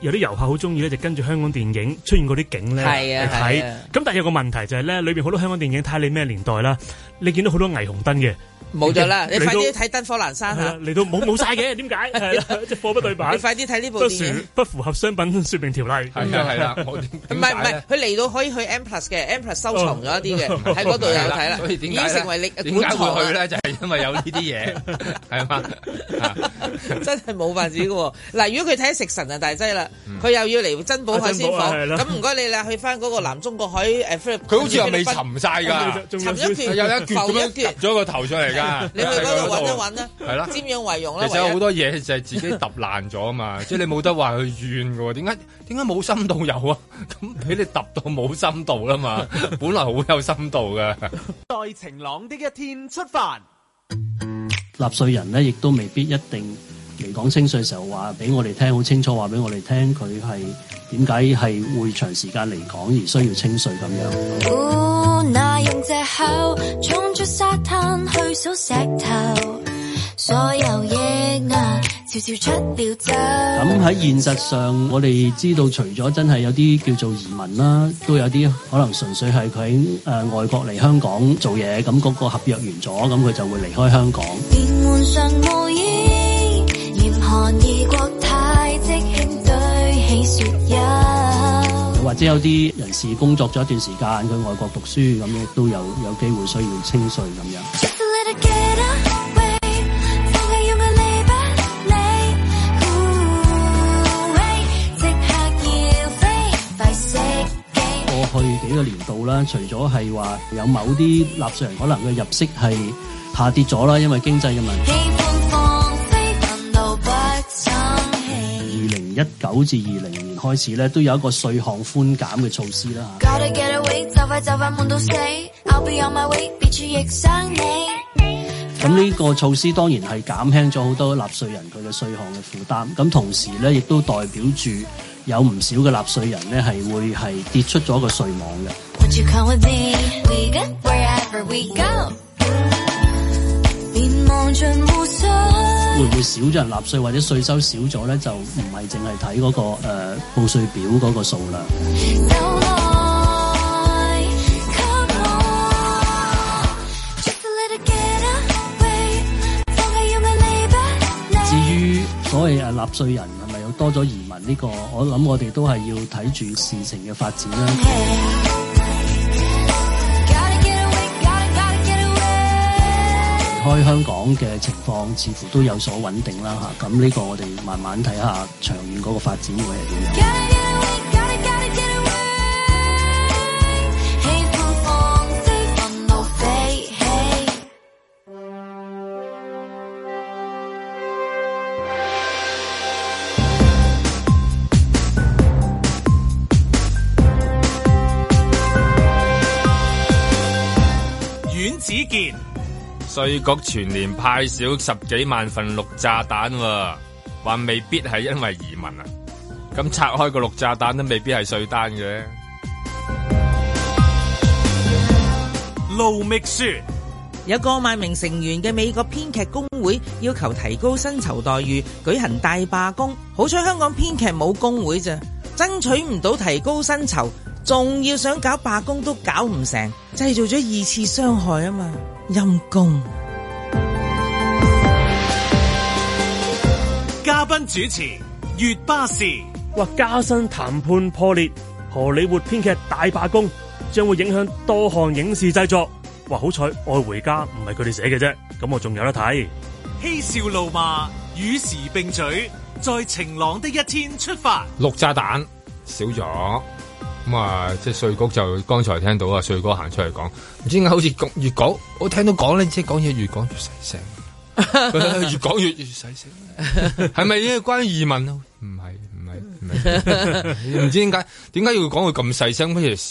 [SPEAKER 4] 有啲遊客好中意咧，就跟住香港電影出現嗰啲景咧嚟睇。咁但係有個問題就係咧，裏邊好多香港電影睇下你咩年代啦。你見到好多霓虹燈嘅，冇咗啦！你快啲睇
[SPEAKER 2] 《燈火闌珊》嚇。嚟
[SPEAKER 4] 到冇冇晒
[SPEAKER 2] 嘅。點解？只貨不對版。快啲睇呢部電影，
[SPEAKER 4] 不符合商品説明條例。係
[SPEAKER 1] 啦係啦，我唔係唔係，
[SPEAKER 2] 佢嚟到可以去 M+ 嘅 M+ 收藏咗一啲嘅喺嗰度有睇啦。已經成為你館藏啦。點解會去咧？
[SPEAKER 1] 就係因為有呢啲嘢，
[SPEAKER 2] 係嘛？真係冇辦法㗎喎。嗱，如果佢睇《食神》就大劑啦。佢又要嚟珍寶海鮮舫，咁唔該你啦，去翻嗰個南中國海誒，佢好似又未沉晒噶沉咗一橛，又一橛咁樣，撅
[SPEAKER 1] 咗個頭上嚟噶你去嗰度搵一搵啦。係啦，瞻
[SPEAKER 2] 仰遺容啦。其實有好多
[SPEAKER 1] 嘢就係自己揼爛咗啊嘛，即係你冇得話去怨嘅，點解點解冇深度有啊？咁俾你揼到冇深度啦嘛，本來好有深度嘅。
[SPEAKER 3] 再晴朗啲嘅天出發，
[SPEAKER 1] 納
[SPEAKER 6] 稅人咧亦都未必一定。嚟講清稅嘅時候，話俾我哋聽好清楚，話俾我哋聽佢係點解係會長時間嚟講而需要清稅咁
[SPEAKER 3] 樣。咁喺
[SPEAKER 6] 現實上，我哋知道除咗真係有啲叫做移民啦，都有啲可能純粹係佢喺外國嚟香港做嘢，咁、那、嗰個合約完咗，咁佢就會離開香港。 (music) 太起，又或者有啲人士工作咗一段時間，去外國讀書咁，亦都有有機會需要清稅咁樣。
[SPEAKER 3] (music) 過
[SPEAKER 6] 去幾個年度啦，除咗係話有某啲納稅人可能佢入息係下跌咗啦，因為經濟嘅問題。 (music) 一九至二零年開始咧，都有一個稅項寬減嘅措施啦嚇。咁呢 get 個措施當然係減輕咗好多納稅人佢嘅稅項嘅負擔，咁同時咧亦都代表住有唔少嘅納稅人咧係會係跌出咗個稅網
[SPEAKER 3] 嘅。
[SPEAKER 6] 會唔會少咗人納稅或者稅收少咗咧？就唔係淨係睇嗰個誒、呃、報稅表嗰個數量。 (music) 至於所謂誒納稅人係咪有多咗移民呢、呢個，我諗我哋都係要睇住事情嘅發展啦。開香港嘅情況似乎都有所穩定啦嚇，咁、啊、呢個我哋慢慢睇下，長遠嗰個發展會係點樣？
[SPEAKER 1] 阮子健。稅局全年派少十幾萬份綠炸彈，話未必係因為移民啊！咁拆開個綠炸彈都未必係稅單嘅。Lo m 有
[SPEAKER 2] 過萬名成員嘅美國編劇工會要求提高薪酬待遇，舉行大罷工。好彩香港編劇冇工會咋，爭取唔到提高薪酬，仲要想搞罷工都搞唔成，製造咗二次傷害啊嘛！陰公，
[SPEAKER 3] 嘉賓主持月巴士，哇！
[SPEAKER 4] 加薪談判破裂，荷里活編劇大罷工，將會影響多項影視製作。哇！好彩《愛回家》唔係佢哋寫嘅啫，咁我仲有得睇。
[SPEAKER 3] 嬉笑怒罵，與時並嘴，在晴朗的一天出發。
[SPEAKER 1] 綠炸彈少咗。咁啊！即稅局就剛才聽到啊，稅局行出嚟講，唔知點解好似講越講，我聽到講咧，即講嘢越講越細聲， (laughs) 越講越越細聲，係咪咧？關於移民咯，唔係唔係唔係，唔知點解？點解要講佢咁細聲？不如少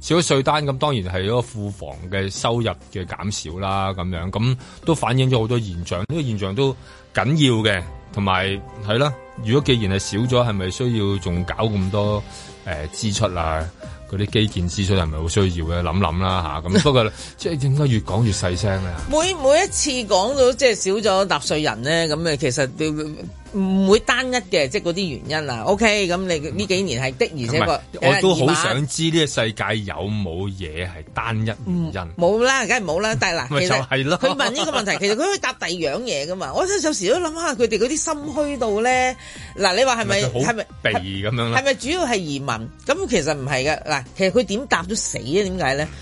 [SPEAKER 1] 少咗稅單咁？當然係嗰個庫房嘅收入嘅減少啦，咁樣咁都反映咗好多現象，呢個現象都緊要嘅，同埋係啦。如果既然係少咗，係咪需要仲搞咁多？誒、欸、支出啊，嗰啲基建支出係咪好需要嘅？諗諗啦吓，咁、啊、不過 (laughs) 即係應該越講越細聲咧。
[SPEAKER 2] 每每一次講到即係少咗納稅人咧，咁誒其實都。唔會單一嘅，即係嗰啲原因啊。OK，咁你呢幾年係的而且確，吧我都好想
[SPEAKER 1] 知呢個世界有冇嘢係單一原因。
[SPEAKER 2] 冇、嗯、啦，梗係冇啦。但係嗱，嗯、其實佢問呢個問題，其實佢可以答第二樣嘢噶嘛。我想有時都諗下佢哋嗰啲心虛到咧。嗱，你話係咪係咪避咁樣咧？係咪很主要係移民？咁其實唔係嘅。嗱，其實佢點答都死啊？點解咧？ (laughs)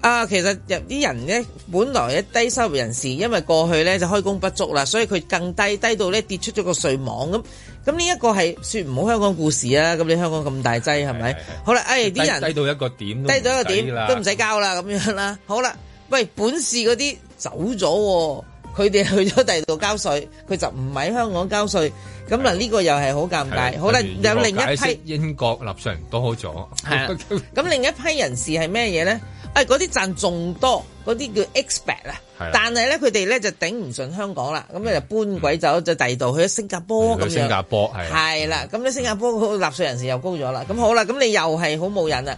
[SPEAKER 2] 啊，其實有啲人咧，本來咧低收入人士，因為過去咧就開工不足啦，所以佢更低低到咧跌出咗個稅網咁。咁呢一個係說唔好香港故事啊！咁你香港咁大劑係咪？好啦，誒，啲人低到一
[SPEAKER 1] 個點，低到一個點，都唔使
[SPEAKER 2] 交啦咁樣啦。好啦，喂，本市嗰啲走咗，佢哋去咗第二度交稅，佢就唔喺香港交稅。咁嗱，呢個又係好尷尬。好啦，有另一批
[SPEAKER 1] 英國納稅人都好咗，係
[SPEAKER 2] 啦。咁另一批人士係咩嘢咧？誒，嗰啲賺仲多，嗰啲叫 expat 啊，但係咧佢哋咧就頂唔順香港啦，咁咧就搬鬼走，就第二度去咗新加坡咁樣。新加坡係。係啦，咁咧新加坡個納稅人士又高咗啦，咁好啦，咁你又係好冇癮啊，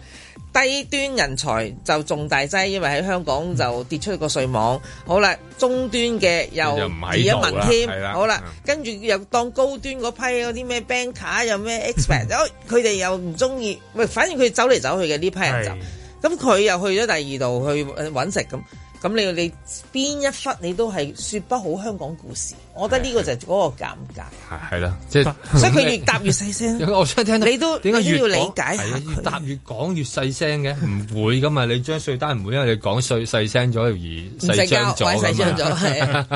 [SPEAKER 2] 低端人才就重大劑，因為喺香港就跌出個稅網。好啦，中端嘅又唔喺度啦，好啦，跟住又當高端嗰批嗰啲咩 banker 又咩 expat，佢哋又唔中意，喂，反正佢走嚟走去嘅呢批人就。咁佢又去咗第二度去搵食咁。咁你你邊一忽你都係説不好香港故事，我覺得呢個就係嗰個尷尬，係
[SPEAKER 1] 係啦，即係、就是、所以佢越
[SPEAKER 2] 答越細聲。
[SPEAKER 1] (laughs) 我想聽到你
[SPEAKER 2] 都點解要理解越
[SPEAKER 1] 答越講越細聲嘅？唔 (laughs) 會噶嘛，你將稅單唔會因為你講稅細聲咗而細張咗㗎嘛？唔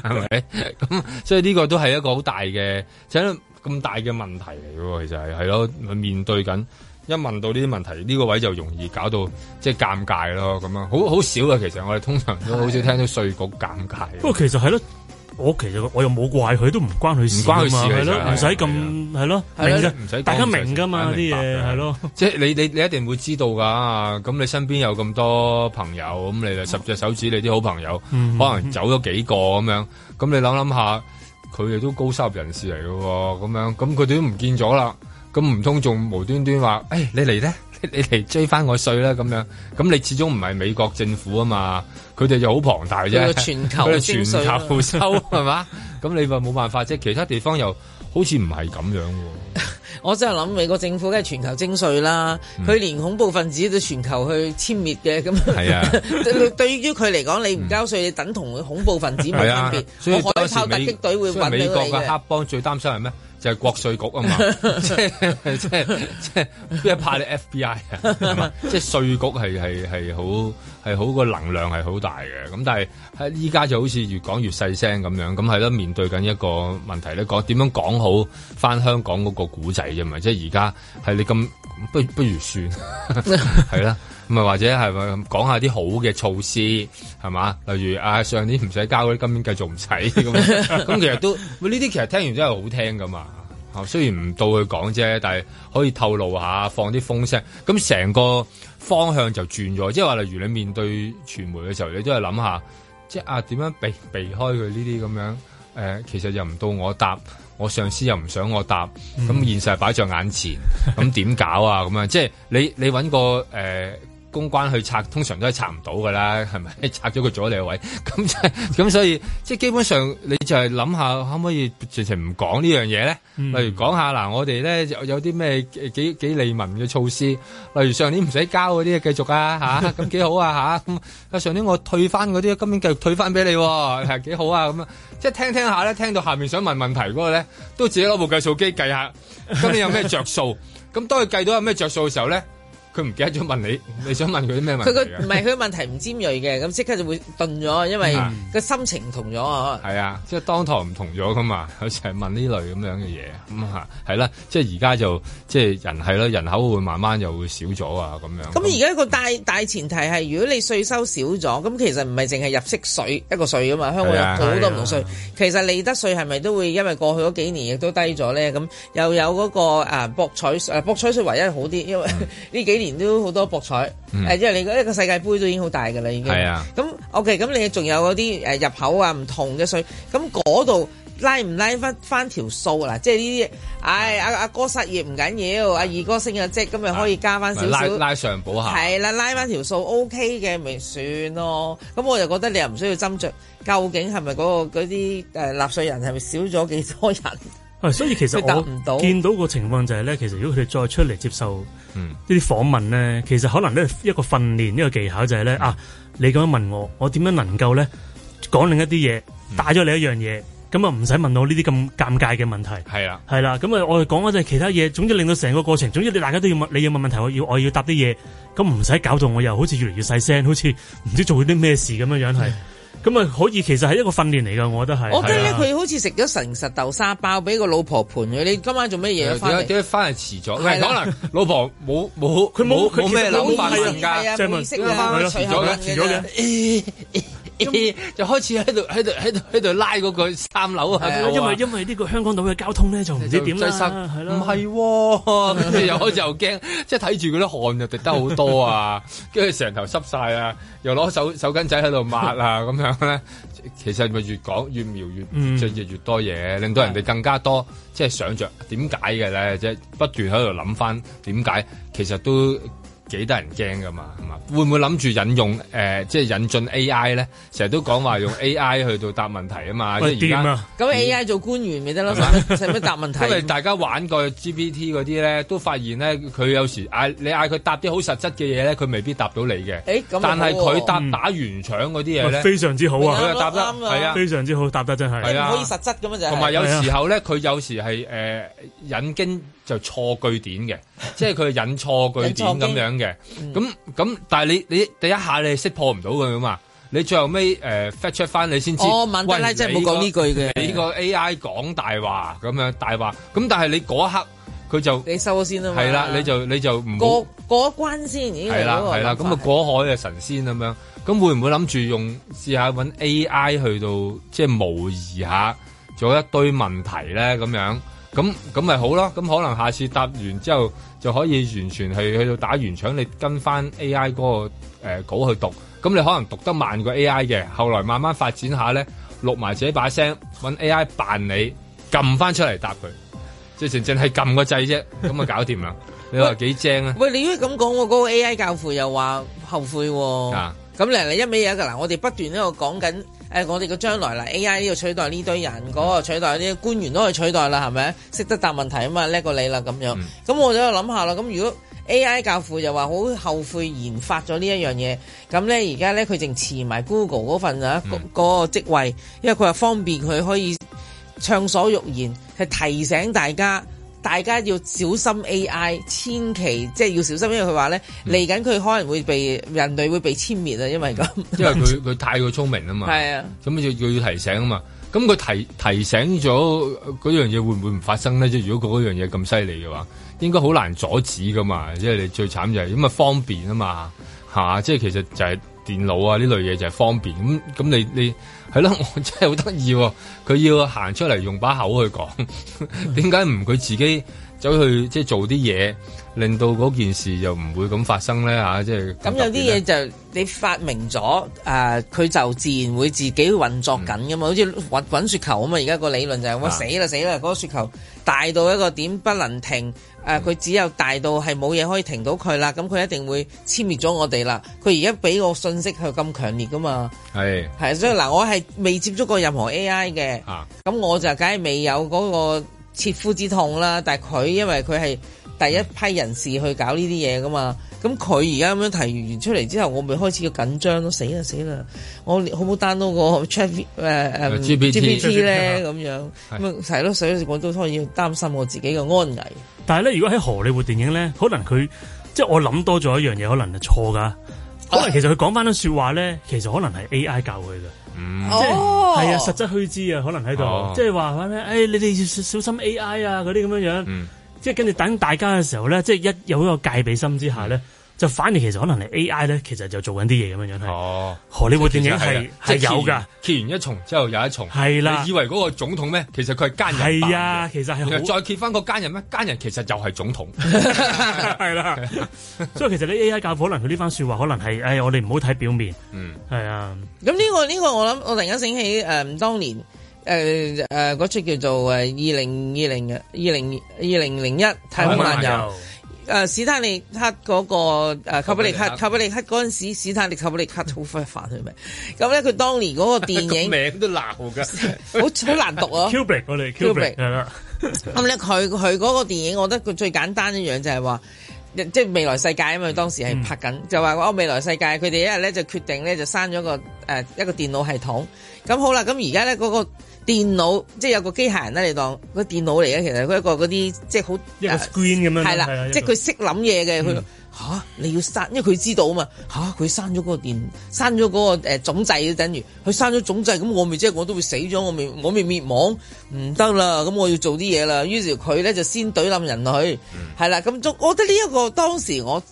[SPEAKER 1] 咁 (laughs) (laughs) 是的 (laughs) (laughs) 所以呢個都係一個好大嘅，就係咁大嘅問題嚟嘅喎。其實係係咯，面對緊。一問到呢啲問題，呢個位就容易搞到即係尷尬咯，咁樣好好少嘅其實，我哋通常都好少聽到稅局尷尬。
[SPEAKER 4] 不過其實係咯，我其實我又冇怪佢，都唔關佢事啊嘛，係咯，唔使
[SPEAKER 1] 咁係咯，明唔使。大家明㗎嘛，啲嘢係咯，即係你你你一定會知道㗎。咁你身邊有咁多朋友，咁你就十隻手指你啲好朋友，可能走咗幾個咁樣，咁你諗諗下，佢哋都高收入人士嚟嘅喎，咁樣咁佢哋都唔見咗啦。咁唔通仲無端端話，誒你嚟咧，你嚟追翻我稅啦，咁樣？咁你始終唔係美國政府啊嘛，佢哋就好龐大啫，全球徵稅， (laughs) 全球收係嘛？咁 (laughs) (laughs) 你話冇辦法啫？其他地方又好似唔係咁樣喎。
[SPEAKER 2] 我真係諗美國政府梗係全球徵稅啦，佢、嗯、連恐怖分子都全球去簽滅嘅咁。係啊， (laughs) 對於佢嚟講，你唔交稅，嗯、你等同恐怖分子分別。啊、所以炮當時，所以美國嘅黑
[SPEAKER 1] 幫最，最擔心係咩？ (laughs) 就係國稅局啊嘛，即係即係即係邊一派你 FBI 啊？係嘛，即係稅局係係係好係好個能量係好大嘅，咁但係依家就好似越講越細聲咁樣，咁係咯，面對緊一個問題咧，講點樣講好翻香港嗰個古仔啫嘛，即係而家係你咁不如不如算係啦。 (laughs) 唔係或者係咪講下啲好嘅措施係嘛？例如啊，上年唔使交啲，今年繼續唔使咁。咁 (laughs) 其實都，呢啲其實聽完真係好聽噶嘛。啊，雖然唔到佢講啫，但係可以透露下，放啲風聲。咁成個方向就轉咗，即係話例如你面對傳媒嘅時候，你都係諗下，即係啊點樣避避開佢呢啲咁樣？誒、呃，其實又唔到我答，我上司又唔想我答。咁、嗯、現實係擺在眼前，咁點搞啊？咁樣即係你你揾個、呃公關去拆通常都係拆唔到噶啦，係咪？拆咗佢，阻你位，咁咁所以即係基本上你就係諗下可唔可以全程唔講呢樣嘢咧？嗯、例如講下嗱，我哋咧有啲咩幾幾，幾利民嘅措施，例如上年唔使交嗰啲繼續啊吓，咁、啊、幾好啊吓咁、啊。上年我退翻嗰啲，今年繼續退翻俾你、啊，係幾好啊咁啊！即係聽一聽一下咧，聽到下面想問問題嗰個咧，都自己攞部計數機計下，今年有咩着數？咁 (laughs) 當佢計到有咩着數嘅時候咧？佢唔記得咗問你，你想問佢啲咩問題？佢個唔係佢
[SPEAKER 2] 個問題唔尖鋭嘅，咁即刻就會頓咗，因為個心情唔同
[SPEAKER 1] 咗啊。係啊，即係當堂唔同咗噶嘛，好似係問呢類咁樣嘅嘢咁啊，係啦，即係而家就即係人係咯，人口會慢慢就會少咗啊，咁樣。咁
[SPEAKER 2] 而家個大大前提係，如果你稅收少咗，咁其實唔係淨係入息稅一個稅噶嘛，香港有好多唔同稅。其實利得稅係咪都會因為過去嗰幾年亦都低咗咧？咁又有嗰個啊博彩誒博彩稅唯一好啲，因為呢幾年，年都好多博彩，誒、嗯，因為你嗰一個世界盃都已經好大嘅啦，已經。係啊。咁 OK，咁你仲有嗰啲誒入口啊，唔同嘅稅，咁嗰度拉唔拉翻翻條數啊？即係呢啲，唉，阿阿哥失業唔緊要，阿二哥升咗職，咁咪可以加翻少少。啊、拉、拉上補下。係啦、啊，拉翻條數 OK 嘅咪算咯。咁我就覺得你又唔需要斟酌，究竟係咪嗰啲誒納稅人係咪少咗幾多人？
[SPEAKER 4] 所以其實我見到個情況就係、是、咧，其實如果佢哋再出嚟接受呢啲訪問咧，嗯、其實可能咧一個訓練呢個技巧就係、是、咧、嗯、啊，你咁樣問我，我點樣能夠咧講另一啲嘢，帶咗你一樣嘢，咁啊唔使問到呢啲咁尷尬嘅問題，係啦是、啊啊，係啦，咁啊我哋講就係其他嘢，總之令到成個過程，總之你大家都要問，你要問問題，我要我要答啲嘢，咁唔使搞到我又好似越嚟越細聲，好似唔知做啲咩事咁嘅樣係。嗯咁啊，可以，其實係一個訓練嚟㗎，我覺得係。我覺得
[SPEAKER 2] 咧，佢、啊、好似食咗成十豆沙包俾個老婆盤咗。你今晚做乜嘢翻嚟？點解
[SPEAKER 1] 翻嚟遲咗、啊？可能老婆冇冇，佢冇佢冇咩諗法㗎。係啊，唔好意思啊，遲咗嘅，遲咗嘅。嗯、就開始喺度喺度喺度喺度拉嗰個三樓，樓啊，因，因為因
[SPEAKER 4] 為呢個香港島嘅交通咧、啊、就唔知點樣啦，唔係又開
[SPEAKER 1] 始又驚，即係睇住佢啲汗就滴得好多啊，跟住成頭濕晒啊，又攞手手巾仔喺度抹啊咁樣咧。其實咪越講越描越著越、嗯、越多嘢，令到人哋更加多即係、就是、想像點解嘅咧，即係、就是、不斷喺度諗翻點解，其實都。幾得人驚噶嘛，係嘛？會唔會諗住引用誒，即係引進 A I 咧？成日都講話用 A I 去到答問題啊嘛，即係而
[SPEAKER 2] 家咁 A I 做官員咪得咯，使乜
[SPEAKER 1] 答問題？因為大家玩過 G P T 嗰啲咧，都發現咧，佢有時嗌你嗌佢答啲好實質嘅嘢咧，佢未必答到你嘅。誒，咁但係佢答打圓場嗰啲嘢咧，非常之好啊，答得係啊，非常之好，答得真係。唔可以實質咁啊，就同埋有時候咧，佢有時係誒引經。就錯句點嘅， (laughs) 即係佢引錯句點咁樣嘅，咁咁、嗯嗯，但係你你,你第一下你係識破唔到佢噶嘛？你最後尾誒 fetch 出翻你先知哦，曼德拉即係唔好講呢句嘅，呢個 A I 講大話咁樣大話，咁但係你嗰一刻佢就你收
[SPEAKER 2] 先啦，係啦，你
[SPEAKER 1] 就你就唔過
[SPEAKER 2] 過一關先，係啦係啦，咁啊
[SPEAKER 1] 過海嘅神仙咁樣，咁會唔會諗住用試,試下搵 A I 去到即係模擬下做一堆問題咧咁樣？咁咁咪好咯，咁可能下次答完之後就可以完全係去到打完場，你跟翻 A I 嗰、那個、呃、稿去讀，咁你可能讀得慢過 A I 嘅，後來慢慢發展下咧，錄埋自己把聲，揾 A I 辦理，撳翻出嚟答佢，即就淨淨係撳個掣啫，咁咪搞掂啦。你話幾正啊？
[SPEAKER 2] 喂，你如果咁講，我嗰個 A I 教父又話後悔喎。啊，咁嚟嚟一尾嘢噶嗱，我哋不斷喺度講緊。誒，我哋嘅將來嗱，AI 要取代呢堆人，嗰個、嗯、取代啲官員都可以取代啦，係咪？識得答問題啊嘛，叻過你啦咁樣。咁、嗯、我都有諗下咯。咁如果 AI 教父又話好後悔研發咗呢一樣嘢，咁呢而家呢，佢淨辭埋 Google 嗰份啊嗰個職位，因為佢話方便佢可以暢所欲言，係提醒大家。大家要小心 AI，千祈即係要小心，因為佢話咧嚟緊佢可能會被人類會被殲滅啊，因為咁。因為
[SPEAKER 1] 佢佢 (laughs) 太過聰明啊嘛。係是啊要，咁要又要提醒啊嘛。咁佢提提醒咗嗰樣嘢會唔會唔發生咧？即係如果嗰樣嘢咁犀利嘅話，應該好難阻止噶嘛。即係你最慘就係咁啊方便嘛啊嘛嚇，即係其實就係電腦啊呢類嘢就係方便。咁咁你你。你你係咯，我真係好得意，佢 (music) 要行出嚟用把口去講，點解唔佢自己走去即係做啲嘢，令到嗰件事又唔會咁發生咧吓，即、啊、係。咁、就是、有啲嘢
[SPEAKER 2] 就你發明咗，誒、呃，佢就自然會自己運作緊噶嘛，嗯、好似滾雪球咁啊！而家個理論就係、是，我死啦死啦，嗰、那個雪球大到一個點不能停。誒佢只有大到係冇嘢可以停到佢啦，咁佢一定會殲滅咗我哋啦。佢而家俾個信息係咁強烈噶嘛，係係，所以嗱，我係未接觸過任何 AI 嘅，咁我就梗係未有嗰個切膚之痛啦。但係佢因為佢係第一批人士去搞呢啲嘢噶嘛，咁佢而家咁樣提完出嚟之後，我咪開始要緊張咯，死啦死啦！我好冇 download 個 chat 誒誒 GPT 咧咁樣？係咯，所以我都當然要擔心我自己嘅安危。
[SPEAKER 4] 但係咧，如果喺荷里活電影咧，可能佢即係我諗多咗一樣嘢，可能係錯噶。啊、可能其實佢講翻啲說話咧，其實可能係 A I 教佢嘅，即係，係啊，實質虛知啊，可能喺度，哦、即係話咩？誒、哎，你哋要小心 A I 啊，嗰啲咁樣樣，嗯、即係跟住等大家嘅時候咧，即係一有一個戒備心之下咧。嗯就反而其實可能你 A I 咧，其實就做緊啲嘢咁樣
[SPEAKER 1] 樣。哦，何你部電影係係有噶？揭完一重之後有一重。係啦的，你以為嗰個總統咩？其實佢係奸人。係啊，其實係再揭翻個奸人咩？奸人其實又係總統。係啦 (laughs) 的，
[SPEAKER 4] (laughs) 所以其實你 A I 教父可能佢呢番説話可能係誒、哎，我哋唔好睇表面。
[SPEAKER 2] 嗯，係啊的。咁呢、這個呢、這個我諗，我突然間醒起誒、嗯，當年誒誒嗰出叫做誒二零二零二零二零零一太空漫遊。嗯嗯嗯嗯嗯嗯誒、呃、史坦利克嗰、那個卡、呃、布里克卡布里克嗰陣時，史坦利卡布里克好煩佢咪？咁咧佢當年嗰個電影 (laughs) 名
[SPEAKER 1] 都難噶 (laughs)
[SPEAKER 2] (laughs) 好好難讀啊。 (laughs) Cubing 我
[SPEAKER 4] 哋 Cubing 係
[SPEAKER 2] 啦。咁咧佢佢嗰個電影，我覺得佢最簡單一樣就係話，即、就、係、是、未來世界啊嘛！當時係拍緊，嗯、就話我未來世界，佢哋一日咧就決定咧就刪咗個誒一個電腦系統。咁好啦，咁而家咧嗰個。電腦即係有個機械人咧，你當個電腦嚟嘅，其實佢一個嗰啲即係好 screen 咁樣，係啦，即係佢識諗嘢嘅，佢吓，你要刪，因為佢知道嘛啊嘛吓，佢刪咗嗰個電，刪咗嗰個誒、呃、種制啊，等於佢刪咗種制，咁我咪即係我都會死咗，我咪我咪滅亡，唔得啦，咁我要做啲嘢啦，於是佢咧就先懟冧人類，係啦、嗯，咁我覺得呢一個當時我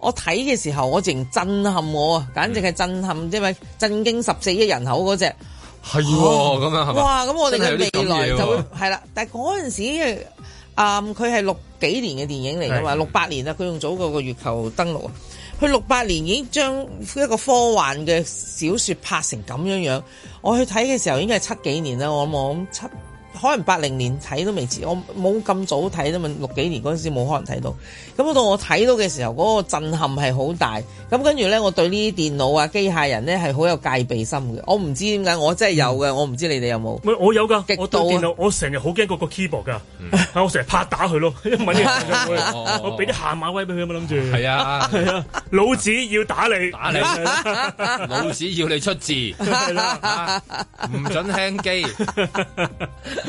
[SPEAKER 2] 我睇嘅時候，我淨震撼我啊，簡直係震撼，即係震驚十四億人口嗰隻。
[SPEAKER 5] 係喎，咁、哦、樣係咪？哇！咁我哋嘅未來就會
[SPEAKER 2] 係啦、啊。但係嗰陣時，啊、嗯，佢係六幾年嘅電影嚟噶嘛？的六八年啊，佢用咗個月球登陸啊。佢六八年已經將一個科幻嘅小説拍成咁樣樣。我去睇嘅時候應該係七幾年啦。我諗我諗七。可能八零年睇都未遲，我冇咁早睇啫嘛，六幾年嗰陣時冇可能睇到。咁到我睇到嘅時候，嗰個震撼係好大。咁跟住咧，我對呢啲電腦啊、機械人咧係好有戒備心嘅。我唔知點解，我真係有嘅。我唔知你哋有冇？我有㗎，我對電腦，我成日好驚嗰個 keyboard 㗎，我成日拍打佢咯，
[SPEAKER 4] 我俾啲下馬威俾佢，有冇諗住。係啊，係啊，老子要打你，老子要你出字，
[SPEAKER 2] 唔准輕機。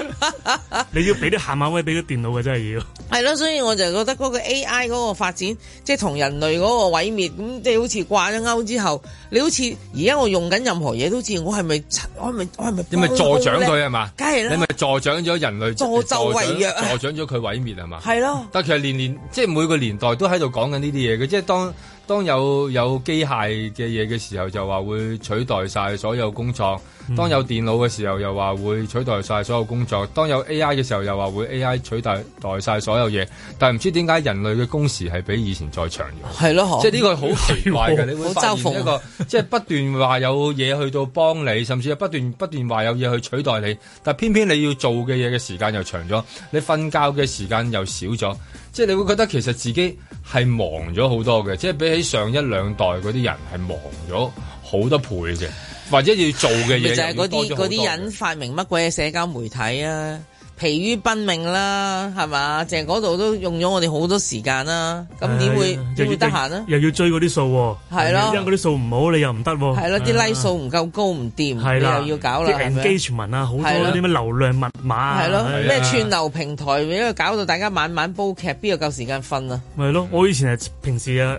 [SPEAKER 4] (laughs) 你要俾啲下馬威俾啲電腦嘅，真係要。
[SPEAKER 2] 係咯，所以我就覺得嗰個 AI 嗰個發展，即係同人類嗰個毀滅，咁即係好似掛咗鈎之後，你好似而家我用緊任何嘢都知我係咪我係咪我係咪？你咪助長佢係嘛？梗
[SPEAKER 1] 係啦，cycling 你咪助長咗人類助紂為虐，助長咗佢毀滅係嘛？係咯。 (laughs) 是是 (laughs) 的但其實年年即係每個年代都喺度講緊呢啲嘢嘅，即係當。當有有機械嘅嘢嘅時候，就話會取代晒所有工作；嗯、當有電腦嘅時候，又話會取代晒所有工作；當有 AI 嘅時候，又話會 AI 取代代晒所有嘢。嗯、但係唔知點解人類嘅工時係比以前再長咗。係咯的，即係呢個好奇怪嘅，的你會發現一個即係的不斷話有嘢去到幫你， (laughs) 甚至係不斷不斷話有嘢去取代你。但係偏偏你要做嘅嘢嘅時間又長咗，你瞓覺嘅時間又少咗。即係你會覺得其實自己係忙咗好多嘅，即係比起上一兩代嗰啲人係忙咗好多倍嘅，或者要做嘅嘢就多咗好多。咪就係嗰啲啲人
[SPEAKER 2] 發明乜鬼嘅社交媒體啊！疲於奔命啦，係嘛？淨係嗰度都用咗我哋好多時間啦，咁點會會得閒啊？
[SPEAKER 4] 又要追嗰啲數，係咯，因嗰啲數唔好，你又唔
[SPEAKER 2] 得，係咯，啲 like 數唔夠高唔掂，你又要搞啦，啲人機傳聞啊，好多啲咩流量密碼，係咯，咩串流平台，因為搞到大家晚晚煲劇，邊有夠時間瞓啊？
[SPEAKER 4] 咪係咯，我以前係平時啊，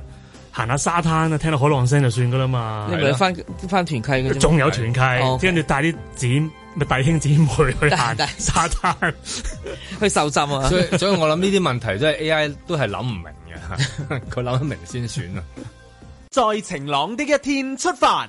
[SPEAKER 4] 行下沙灘啊，聽到海浪聲就算㗎啦嘛。你咪係翻翻團契嘅？仲有團契，即係你帶啲剪。咪弟兄姐妹去
[SPEAKER 1] 行
[SPEAKER 3] 沙灘，
[SPEAKER 1] 去 (laughs) 受浸啊！ (laughs) 所以，所以我諗呢啲問題，真係 A I 都係諗唔明嘅，佢諗得明先算啊！
[SPEAKER 3] (laughs) 在晴朗的一天出發。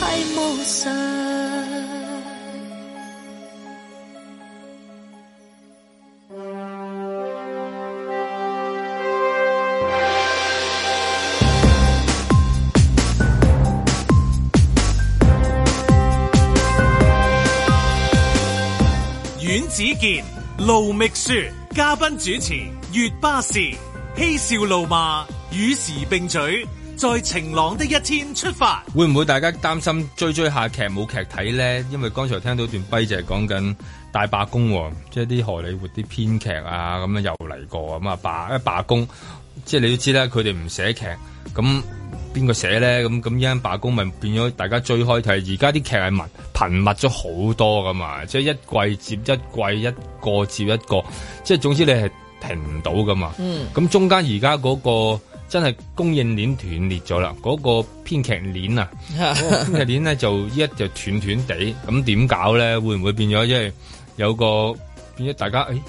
[SPEAKER 3] 阮子健、盧覓雪，嘉賓主持：月巴士，嬉笑怒罵，與時並嘴。在晴朗的一天出發，
[SPEAKER 1] 會唔會大家擔心追追下劇冇劇睇咧？因為剛才聽到段跛就係講緊大罷工，即係啲荷里活啲編劇啊咁樣又嚟過咁啊罷一罷工，即係你都知咧，佢哋唔寫劇，咁邊個寫咧？咁咁依間罷工咪變咗大家追開睇？而家啲劇係密頻密咗好多噶嘛，即係一季接一季，一個接一個，即係總之你係停唔到噶嘛。嗯，咁中間而家嗰個。真係供應鏈斷裂咗啦，嗰、那個編劇鏈啊，
[SPEAKER 2] (laughs) 編劇
[SPEAKER 1] 鏈咧就依家就斷斷地，咁點搞咧？會唔會變咗？因為有個變咗，大家誒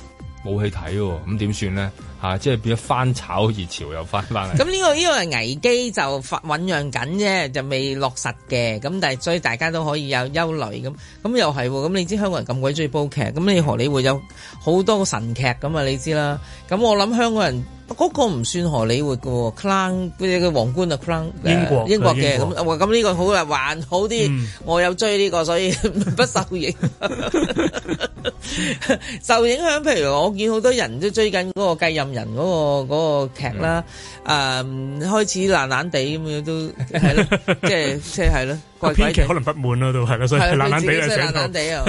[SPEAKER 1] 冇戲睇喎，咁點算咧？吓、嗯啊，即係變咗翻炒熱潮又翻翻嚟。咁
[SPEAKER 2] 呢、嗯這個呢、這個係危機就發醖釀緊啫，就未落實嘅。咁但係所以大家都可以有憂慮咁。咁又係喎，咁你知香港人咁鬼中意煲劇，咁你荷里活會有好多神劇咁啊？你知啦。咁我諗香港人。嗰個唔算荷里活嘅喎，Crown 嘅皇冠啊 Crown 英國英國嘅咁，咁呢國、啊、個好啊，還好啲。嗯、我有追呢、這個，所以不受影響。 (laughs) 受影響，譬如我見好多人都追緊嗰個、那個《繼任人》嗰個嗰個劇啦，誒、呃、開始懶懶地咁樣都係咯，即係即係係咯。編劇可能不滿啦，都係、就是、所以懶懶地啊，懶懶地啊。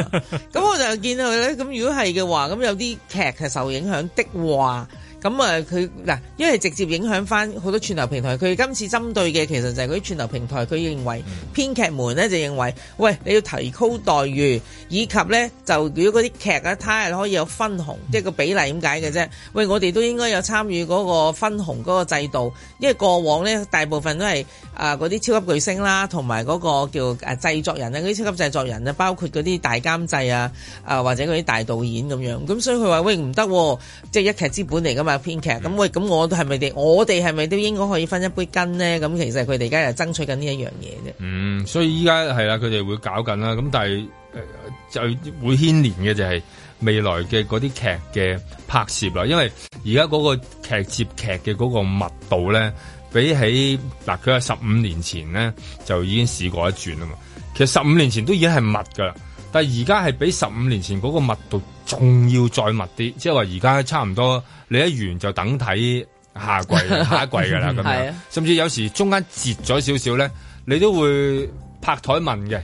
[SPEAKER 2] 咁我就見到佢咧，咁如果係嘅話，咁有啲劇係受影響的話。咁啊，佢嗱、嗯，因為直接影響翻好多串流平台，佢今次針對嘅其實就係嗰啲串流平台，佢認為編劇們咧就認為，喂，你要提高待遇，以及咧就如果嗰啲劇啊，他日可以有分紅，即係個比例點解嘅啫？喂，我哋都應該有參與嗰個分紅嗰個制度，因為過往咧大部分都係。啊！嗰啲超級巨星啦，同埋嗰個叫誒、啊、製作人咧，嗰啲超級製作人咧，包括嗰啲大監製啊，啊或者嗰啲大導演咁樣，咁、啊、所以佢話，喂，唔得、啊，即係一劇之本嚟㗎嘛，編劇，咁、嗯啊、喂，咁我都係咪啲我哋係咪都應該可以分一杯羹呢？咁、啊、其實佢哋而家又爭取緊呢一樣嘢啫。
[SPEAKER 1] 嗯，所以依家係啦，佢哋、啊、會搞緊啦，咁但係、呃、就會牽連嘅就係未來嘅嗰啲劇嘅拍攝啦，因為而家嗰個劇接劇嘅嗰個密度咧。比起嗱，佢係十五年前咧就已經試過一轉啦嘛。其實十五年前都已經係密噶啦，但係而家係比十五年前嗰個密度仲要再密啲，即係話而家差唔多你一完就等睇下季、 (laughs) 下一季噶啦咁樣，甚至有時中間截咗少少咧，你都會拍枱問嘅。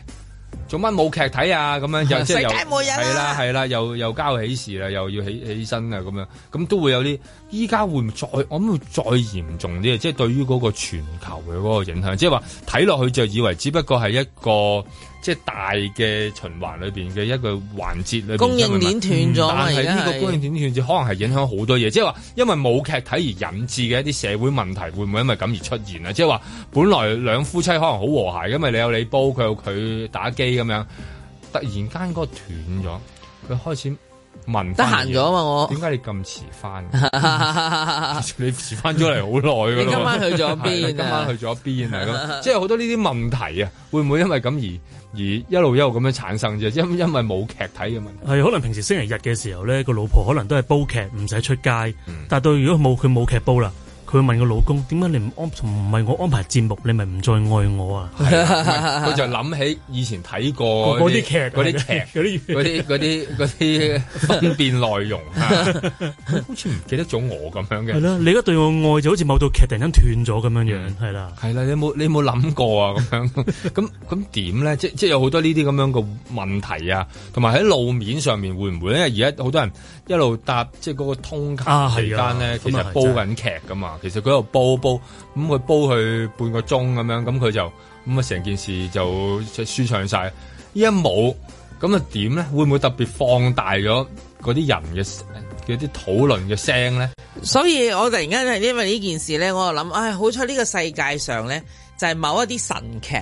[SPEAKER 1] 做乜冇劇睇啊？咁樣又即係冇 (laughs) 又人係啦，係啦，又又交起事啦，又要起起身啊！咁樣咁都會有啲，依家會唔再我諗會再嚴重啲啊！即係對於嗰個全球嘅嗰個影響，即係話睇落去就以為只不過係一個。即係大嘅循環裏邊嘅一個環節裏邊，供應鏈斷咗啊！而家呢個供應鏈斷咗，可能係影響好多嘢。即係話，因為冇劇睇而引致嘅一啲社會問題，會唔會因為咁而出現啊？即係話，本來兩夫妻可能好和諧，因為你有你煲，佢有佢打機咁樣，突然間嗰個斷咗，佢開始問得閒咗嘛？我點解你咁遲返？ (laughs) (laughs) (laughs) 你遲返咗嚟好耐。你今晚去咗邊、啊、 (laughs) 今晚去咗邊啊？咁 (laughs) (laughs) 即係好多呢啲問題啊！會唔會因為咁而？而一路一路咁樣產生啫，因因為冇劇睇嘅問題。係可能平時星期日嘅時候咧，個老婆可能都係煲劇，唔使出街。嗯、
[SPEAKER 4] 但到如果冇佢冇劇煲啦。佢問個老公：點解你唔安唔係我安排節目，你咪唔再愛我啊？
[SPEAKER 1] 佢、 (laughs) 啊、就諗起以前睇過嗰啲劇、嗰啲劇、啲啲啲啲分辨內容，好似唔記得咗我咁樣嘅。係咯、啊，你而家對我愛就好似某套劇突然間斷咗咁樣樣。係啦，係啦，你有冇你有冇諗過啊？咁樣咁咁點咧？即即有好多呢啲咁樣嘅問題啊，同埋喺路面上面會唔會？因為而家好多人一路搭即嗰個通卡時間咧、啊，其實煲緊劇㗎嘛。其實佢度煲煲，咁、嗯、佢煲佢半個鐘咁樣，咁、嗯、佢就咁啊，成件事就即舒暢晒。依家冇，咁啊點咧？會唔會特別放大咗嗰啲人嘅嘅啲討論嘅聲咧？
[SPEAKER 2] 所以我突然間係因為呢件事咧，我就諗，唉，好彩呢個世界上咧就係某一啲神劇。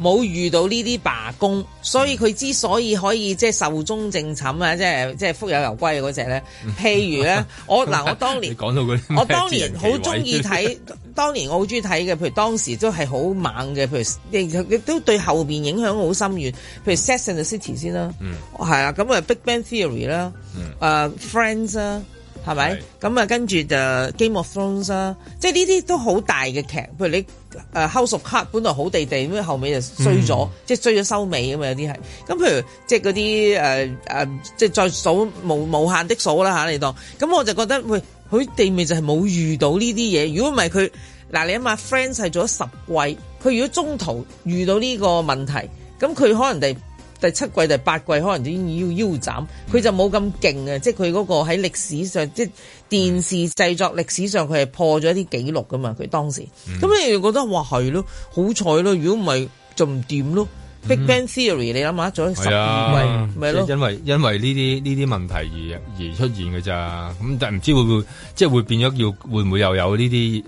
[SPEAKER 2] 冇遇到呢啲罷工，所以佢之所以可以即係壽終正寢啊，即係即係福有攸歸嗰隻咧。譬如咧、啊，我嗱我當年，
[SPEAKER 1] (laughs) 到我當年好中意睇，
[SPEAKER 2] 當年我好中意睇嘅，譬如當時都係好猛嘅，譬如亦亦都對後邊影響好深遠。譬如《Sex and the City》先啦，係啊，咁、嗯、啊《Big Bang Theory》啦，誒《Friends》啊。嗯 uh, 係咪？咁啊，跟住就 Game of Thrones 啊，即係呢啲都好大嘅劇。譬如你誒 House of Cards 本來好地地，咁後尾就衰咗，嗯、即係衰咗收尾咁啊。有啲係咁，譬如即係嗰啲誒誒，即係再數無無限的數啦嚇，你當。咁我就覺得喂，佢地咪就係冇遇到呢啲嘢。如果唔係佢嗱，你諗下 Friends 係做咗十季，佢如果中途遇到呢個問題，咁佢可能哋。第七季定八季，可能已經要腰斬，佢就冇咁勁嘅。即係佢嗰個喺歷史上，即係電視製作歷史上，佢係破咗一啲記錄噶嘛！佢當時，咁你、嗯、又覺得話係咯，好彩咯！如果唔係就唔掂咯。嗯、Big Bang Theory 你諗下，做咗十二季，係咯，因
[SPEAKER 1] 為因為呢啲呢啲問題而而出現嘅咋咁？但係唔知會唔會即係、就是、會變咗要會唔會又有呢啲誒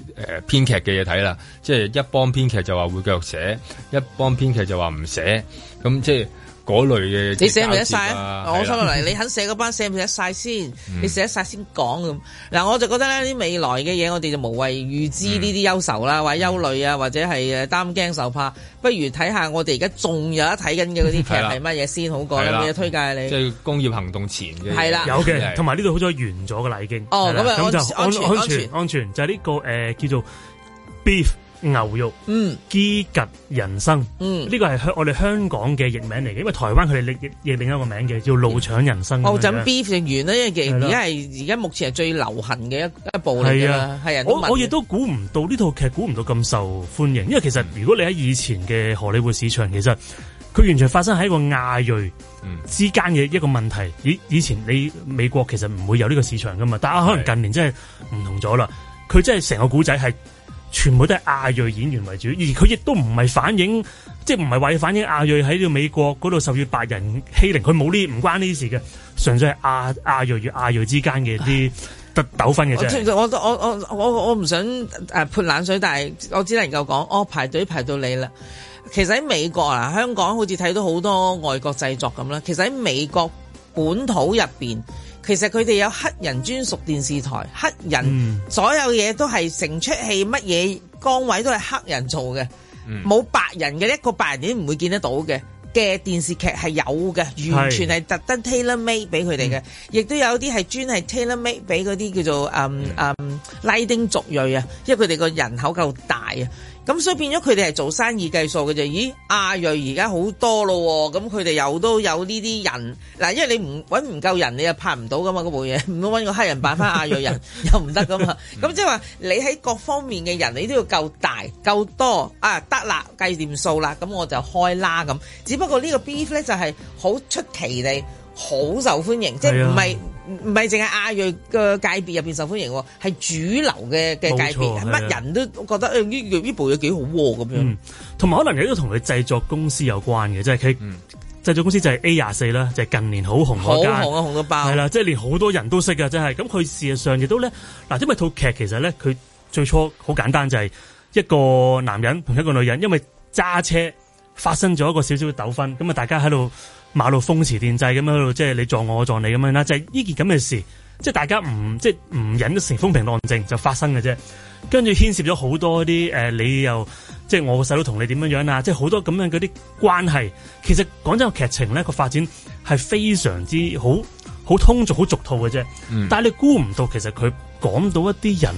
[SPEAKER 1] 編劇嘅嘢睇啦？即、就、係、是、一幫編劇就話會繼續寫，一幫編劇就話唔寫，咁即係。嗰類嘅，你寫唔寫晒啊！我收落嚟，
[SPEAKER 2] 你肯寫嗰班寫唔寫得晒先？你寫得晒先講咁。嗱，我就覺得呢啲未來嘅嘢，我哋就無謂預知呢啲憂愁啦，或者憂慮啊，或者係誒擔驚受怕。不如睇下我哋而家仲有一睇緊嘅嗰啲劇係乜嘢先好過咧？有冇嘢推介你？即
[SPEAKER 1] 係工業行動前嘅係啦，有嘅，同埋呢度好咗完咗噶啦已經。哦，咁樣
[SPEAKER 2] 就安全安全
[SPEAKER 4] 安全就係呢個誒叫做 Beef。牛肉，嗯，機極人生，嗯，呢個係香我哋香港嘅譯名嚟嘅，因為台灣佢哋另另一個名嘅叫怒嗆人生。澳洲、哦、在 Beef
[SPEAKER 2] 食完啦，因為而家係而家目前係最流行嘅一一、啊、部嚟噶，係人我我亦
[SPEAKER 4] 都估唔到呢套劇估唔到咁受歡迎，因為其實如果你喺以前嘅荷里活市場，其實佢完全發生喺一個亞裔之間嘅一個問題。以以前你美國其實唔會有呢個市場噶嘛，但係可能近年真係唔同咗啦。佢真係成個古仔係。全部都係亞裔演員為主，而佢亦都唔係反映，即係唔係為反映亞裔喺呢個美國嗰度受住白人欺凌，佢冇呢，唔關呢啲事嘅，純粹係亞亞裔與亞裔之間嘅啲得糾紛嘅啫。
[SPEAKER 2] 其實我我我我我我唔想誒潑冷水，但係我只能夠講，哦，排隊排到你啦。其實喺美國啊，香港好似睇到好多外國製作咁啦。其實喺美國本土入邊。其實佢哋有黑人專屬電視台，黑人所有嘢都係成出戲，乜嘢崗位都係黑人做嘅，冇白人嘅一個白人影唔會見得到嘅嘅電視劇係有嘅，完全係特登 tailor made 俾佢哋嘅，亦都是有啲係專係 tailor made 俾嗰啲叫做誒誒拉丁族裔啊，因為佢哋個人口夠大啊。咁所以變咗佢哋係做生意計數嘅啫。咦，亞裔而家好多咯，咁佢哋又都有呢啲人嗱，因為你唔揾唔夠人，你又拍唔到噶嘛嗰部嘢，唔好揾個黑人扮翻亞裔人 (laughs) 又唔得噶嘛。咁即係話你喺各方面嘅人，你都要夠大、夠多啊得啦，計掂數啦，咁我就開啦咁。只不過個呢個 beef 咧就係、是、好出奇地好受歡迎，即係唔係唔係淨係亞裔嘅界別入邊受歡迎，係主流嘅嘅界別，乜人都覺得呢呢部嘢幾好咁樣。
[SPEAKER 4] 同埋、啊嗯嗯、可能亦都同佢製作公司有關嘅，即係佢製作公司就係 A 廿四啦，就係近年好紅嗰間，紅啊紅到爆，係啦，即係連好多人都識噶，即係。咁佢事實上亦都咧，嗱，因為套劇其實咧，佢最初好簡單，就係一個男人同一個女人，因為揸車發生咗一個少少嘅糾紛，咁啊，大家喺度。馬路風馳電掣咁樣喺度，即係你撞我，我撞你咁樣啦，就係呢件咁嘅事，即係大家唔即係唔忍得成風平浪靜就發生嘅啫。跟住牽涉咗好多啲誒、呃，你又即係我個細佬同你點樣樣呀，即係好多咁樣嗰啲關係。其實講真個劇情咧，個發展係非常之好好通俗、好俗套嘅啫。嗯、但係你估唔到，其實佢講到一啲人。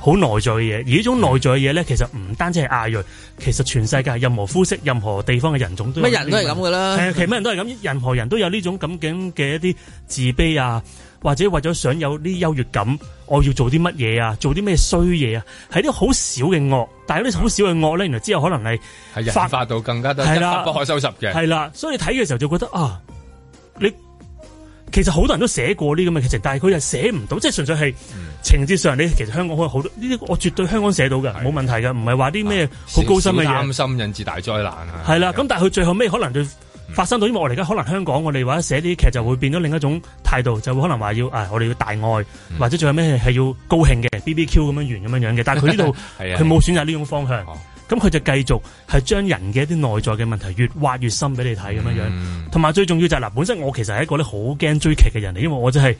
[SPEAKER 4] 好內在嘅嘢，而呢種內在嘅嘢咧，其實唔單止係亞裔，其實全世界任何膚色、任何地方嘅人種都乜人都係咁噶啦，係啊，其實乜人都係咁，任何人都有呢種咁嘅一啲自卑啊，或者為咗想有啲優越感，我要做啲乜嘢啊，做啲咩衰嘢啊，係啲好少嘅惡，但係啲好少嘅惡咧，原來之後可能係
[SPEAKER 1] 係發發到更加多係啦，的不可收拾嘅係
[SPEAKER 4] 啦，所以你睇嘅時候就覺得啊，你。其實好多人都寫過呢啲咁嘅劇情，但係佢又寫唔到，即係純粹係情節上你。你其實香港我好多呢啲，我絕對香港寫到嘅，冇的問題嘅，唔係話啲咩好高深嘅嘢。擔
[SPEAKER 1] 心引致大災難啊！
[SPEAKER 4] 係啦，咁但係佢最後尾可能佢發生到，的因為我哋而家可能香港我哋或者寫啲劇就會變咗另一種態度，就會可能話要啊、哎，我哋要大愛，的或者仲有咩係要高興嘅 B B Q 咁樣完咁樣樣嘅。但係佢呢度佢冇選擇呢種方向。咁佢就繼續係將人嘅一啲內在嘅問題越挖越深俾你睇咁樣樣，同埋、嗯、最重要就係嗱，本身我其實係一個咧好驚追劇嘅人嚟，因為我，、就是、我真係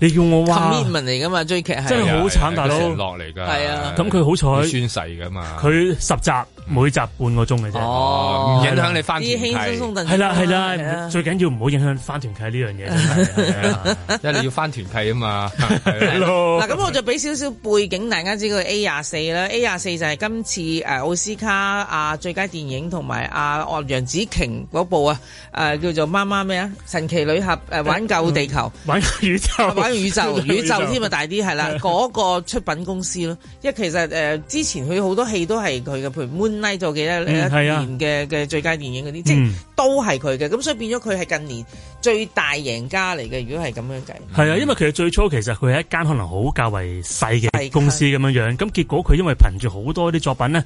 [SPEAKER 4] 你叫我挖 comment
[SPEAKER 2] 嚟噶嘛追劇，真係
[SPEAKER 4] 好慘大佬，承嚟噶，係啊，咁佢好彩，宣誓噶嘛，佢十集。每集半個鐘嘅啫，哦，唔影響你翻團。義氣送贈，係啦係啦，最緊要唔好影響
[SPEAKER 1] 翻團契呢樣嘢，真係，因為要翻團契啊嘛，係咯。嗱，
[SPEAKER 2] 咁我就俾少少背景，大家知個 A 廿四啦，A 廿四就係今次誒奧斯卡啊最佳電影同埋啊楊紫瓊嗰部啊誒叫做媽媽咩啊神奇女俠誒玩救地球，玩宇宙，玩宇宙宇宙添啊大啲係啦，嗰個出品公司咯，因為其實誒之前佢好多戲都係佢嘅，譬如拉到嘅一一年嘅嘅最佳電影嗰啲，即係都係佢嘅，咁所以變咗佢係近年最大贏家嚟嘅。如果係咁樣計，
[SPEAKER 4] 係啊，因為其實最初其實佢係一間可能好較為細嘅公司咁樣樣，咁結果佢因為憑住好多啲作品咧，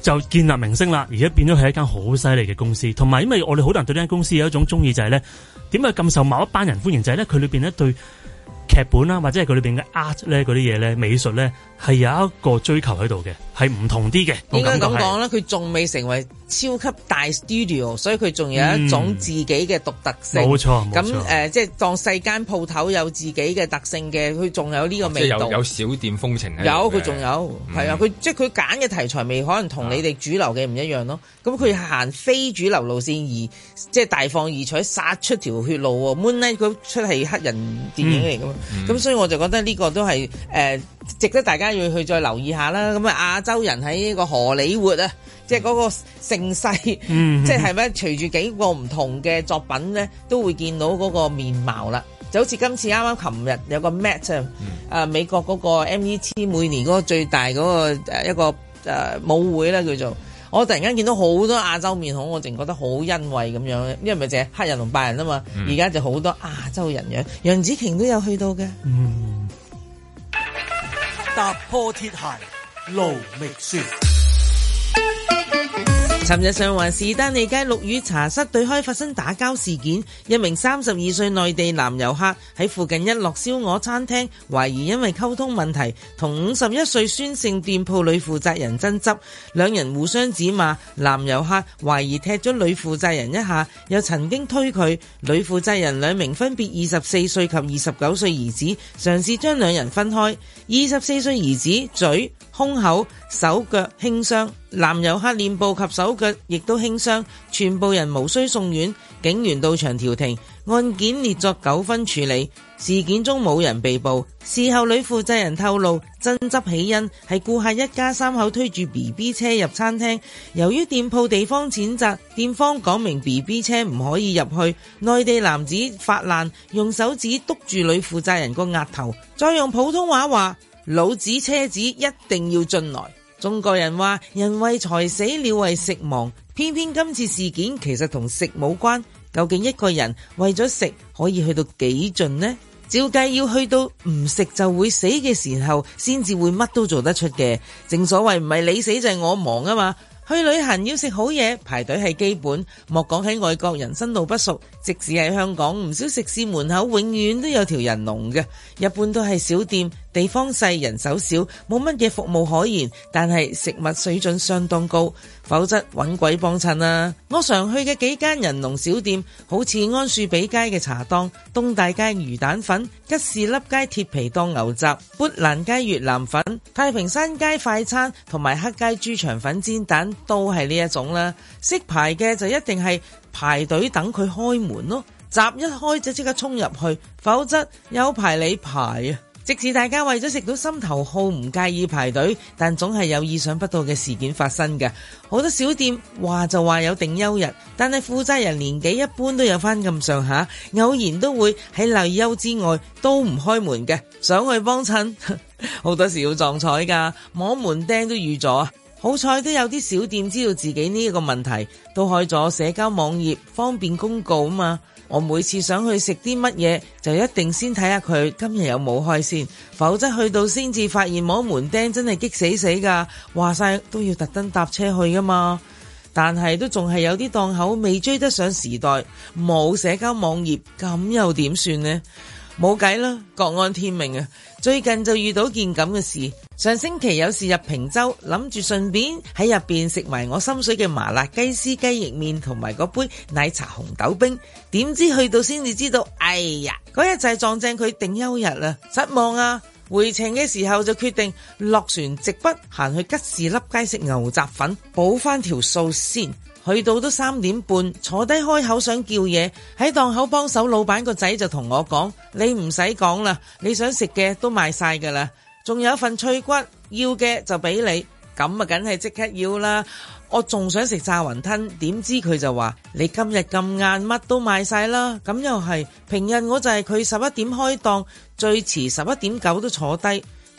[SPEAKER 4] 就建立明星啦，而家變咗係一間好犀利嘅公司。同埋因為我哋好難對呢間公司有一種中意，就係咧，點解咁受某一班人歡迎？就係咧，佢裏邊咧對。劇本啦，或者係佢裏邊嘅 art 咧，嗰啲嘢咧，美術咧，係有一個追求喺度嘅，係唔同啲嘅。應該咁講啦，
[SPEAKER 2] 佢仲未成為超級大 studio，所以佢仲有一種自己嘅獨特性。冇錯、嗯，咁誒、呃，即係當世間鋪頭有自己嘅特性嘅，佢仲有呢個味道、啊有。有
[SPEAKER 1] 小店風情。有佢仲有，係、嗯、啊，佢
[SPEAKER 2] 即係佢揀嘅題材，未可能同你哋主流嘅唔一樣咯。咁佢行非主流路線而即係大放異彩，殺出條血路。Moonlight，佢出嚟係黑人電影嚟噶嘛。嗯咁、mm hmm. 所以我就覺得呢個都係誒、呃、值得大家要去再留意下啦。咁、嗯、啊，亞洲人喺呢個荷里活啊，即係嗰個盛世，即係咩？隨住幾個唔同嘅作品咧，都會見到嗰個面貌啦。就好似今次啱啱琴日有個 match、mm hmm. 啊，誒美國嗰個 MET 每年嗰個最大嗰個一個誒舞、啊啊、會咧，叫做。我突然間見到好多亞洲面孔，我淨覺得好欣慰咁樣，因為咪淨係黑人同白人啊嘛，而家、嗯、就好多亞洲人樣，楊紫瓊都有去到嘅。嗯、
[SPEAKER 3] 踏破鐵鞋，
[SPEAKER 2] 尋日上環士丹利街陸羽茶室對開發生打交事件，一名三十二歲內地男遊客喺附近一樂燒鵝餐廳，懷疑因為溝通問題同五十一歲孫姓店鋪女負責人爭執，兩人互相指罵，男遊客懷疑踢咗女負責人一下，又曾經推佢，女負責人兩名分別二十四歲及二十九歲兒子，嘗試將兩人分開，二十四歲兒子嘴。胸口、手腳輕傷，男遊客臉部及手腳亦都輕傷，全部人無需送院。警員到場調停，案件列作糾紛處理。事件中冇人被捕。事後，女負責人透露爭執起因係顧客一家三口推住 BB 車入餐廳，由於店鋪地方淺窄，店方講明 BB 車唔可以入去。內地男子發難，用手指督住女負責人個額頭，再用普通話話。老子車子一定要進來。中國人話人為財死，鳥為食亡。偏偏今次事件其實同食冇關。究竟一個人為咗食可以去到幾盡呢？照計要去到唔食就會死嘅時候，先至會乜都做得出嘅。正所謂唔係你死就係我亡啊嘛。去旅行要食好嘢，排隊係基本。莫講喺外國人生路不熟，即使喺香港，唔少食肆門口永遠都有條人龍嘅。一般都係小店。地方細，人手少，冇乜嘢服務可言，但係食物水準相當高，否則揾鬼幫襯啊！我常去嘅幾間人龍小店，好似安樹比街嘅茶檔、東大街魚蛋粉、吉士笠街鐵皮檔牛雜、砵蘭街越南粉、太平山街快餐同埋黑街豬腸粉煎蛋，都係呢一種啦。識排嘅就一定係排隊等佢開門咯，閘一開就即刻衝入去，否則有排你排啊！即使大家為咗食到心頭好，唔介意排隊，但總係有意想不到嘅事件發生嘅。好多小店話就話有定休日，但係負責人年紀一般都有翻咁上下，偶然都會喺例休之外都唔開門嘅。想去幫襯，好 (laughs) 多時要撞彩噶，摸門釘都預咗。好彩都有啲小店知道自己呢一個問題，都開咗社交網頁方便公告啊嘛。我每次想去食啲乜嘢，就一定先睇下佢今日有冇開先，否則去到先至發現摸門釘，真係激死死噶。話晒都要特登搭車去噶嘛，但係都仲係有啲檔口未追得上時代，冇社交網頁，咁又點算呢？冇計啦，各安天命啊！最近就遇到件咁嘅事。上星期有事入坪洲，諗住順便喺入邊食埋我心水嘅麻辣雞絲雞翼麵同埋個杯奶茶紅豆冰，點知去到先至知道，哎呀，嗰日就係撞正佢定休日啦，失望啊！回程嘅時候就決定落船直筆行去吉士粒街食牛雜粉，補翻條數先。去到都三點半，坐低開口想叫嘢，喺檔口幫手，老闆個仔就同我講：你唔使講啦，你想食嘅都賣晒噶啦。仲有一份脆骨，要嘅就俾你，咁啊，梗係即刻要啦。我仲想食炸雲吞，點知佢就話：你今日咁晏，乜都賣晒啦。咁又係平日我就係佢十一點開檔，最遲十一點九都坐低。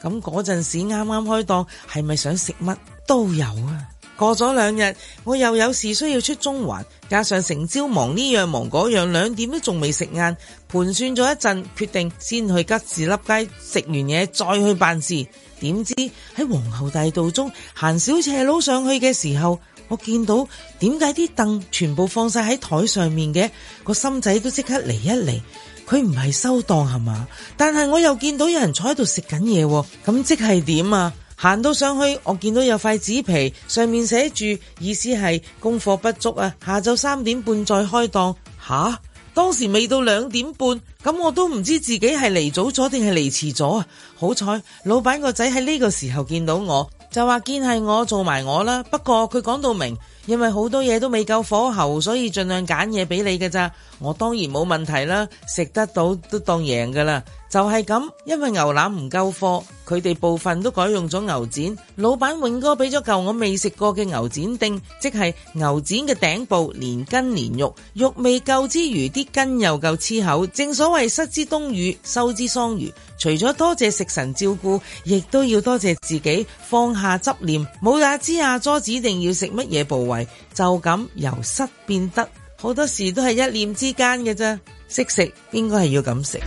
[SPEAKER 2] 咁嗰陣時啱啱開檔，係咪想食乜都有啊？過咗兩日，我又有事需要出中環，加上成朝忙呢樣忙嗰樣，兩點都仲未食晏。盤算咗一陣，決定先去吉士笠街食完嘢再去辦事。點知喺皇后大道中行小斜路上去嘅時候，我見到點解啲凳全部放晒喺台上面嘅？個心仔都即刻嚟一嚟，佢唔係收檔係嘛？但係我又見到有人坐喺度食緊嘢，咁即係點啊？行到上去，我見到有塊紙皮，上面寫住意思係供貨不足啊，下晝三點半再開檔。吓，當時未到兩點半，咁我都唔知自己係嚟早咗定係嚟遲咗啊。好彩老闆個仔喺呢個時候見到我，就話見係我做埋我啦。不過佢講到明，因為好多嘢都未夠火候，所以盡量揀嘢俾你嘅咋。我當然冇問題啦，食得到都當贏噶啦。就係咁，因為牛腩唔夠貨，佢哋部分都改用咗牛展。老闆永哥俾咗嚿我未食過嘅牛展丁，即係牛展嘅頂部連筋連肉，肉味夠之餘，啲筋又夠黐口。正所謂失之東隅，收之桑榆。除咗多謝食神照顧，亦都要多謝自己放下執念，冇也知阿叔指定要食乜嘢部位，就咁由失變得，好多時都係一念之間嘅啫。識食應該係要咁食。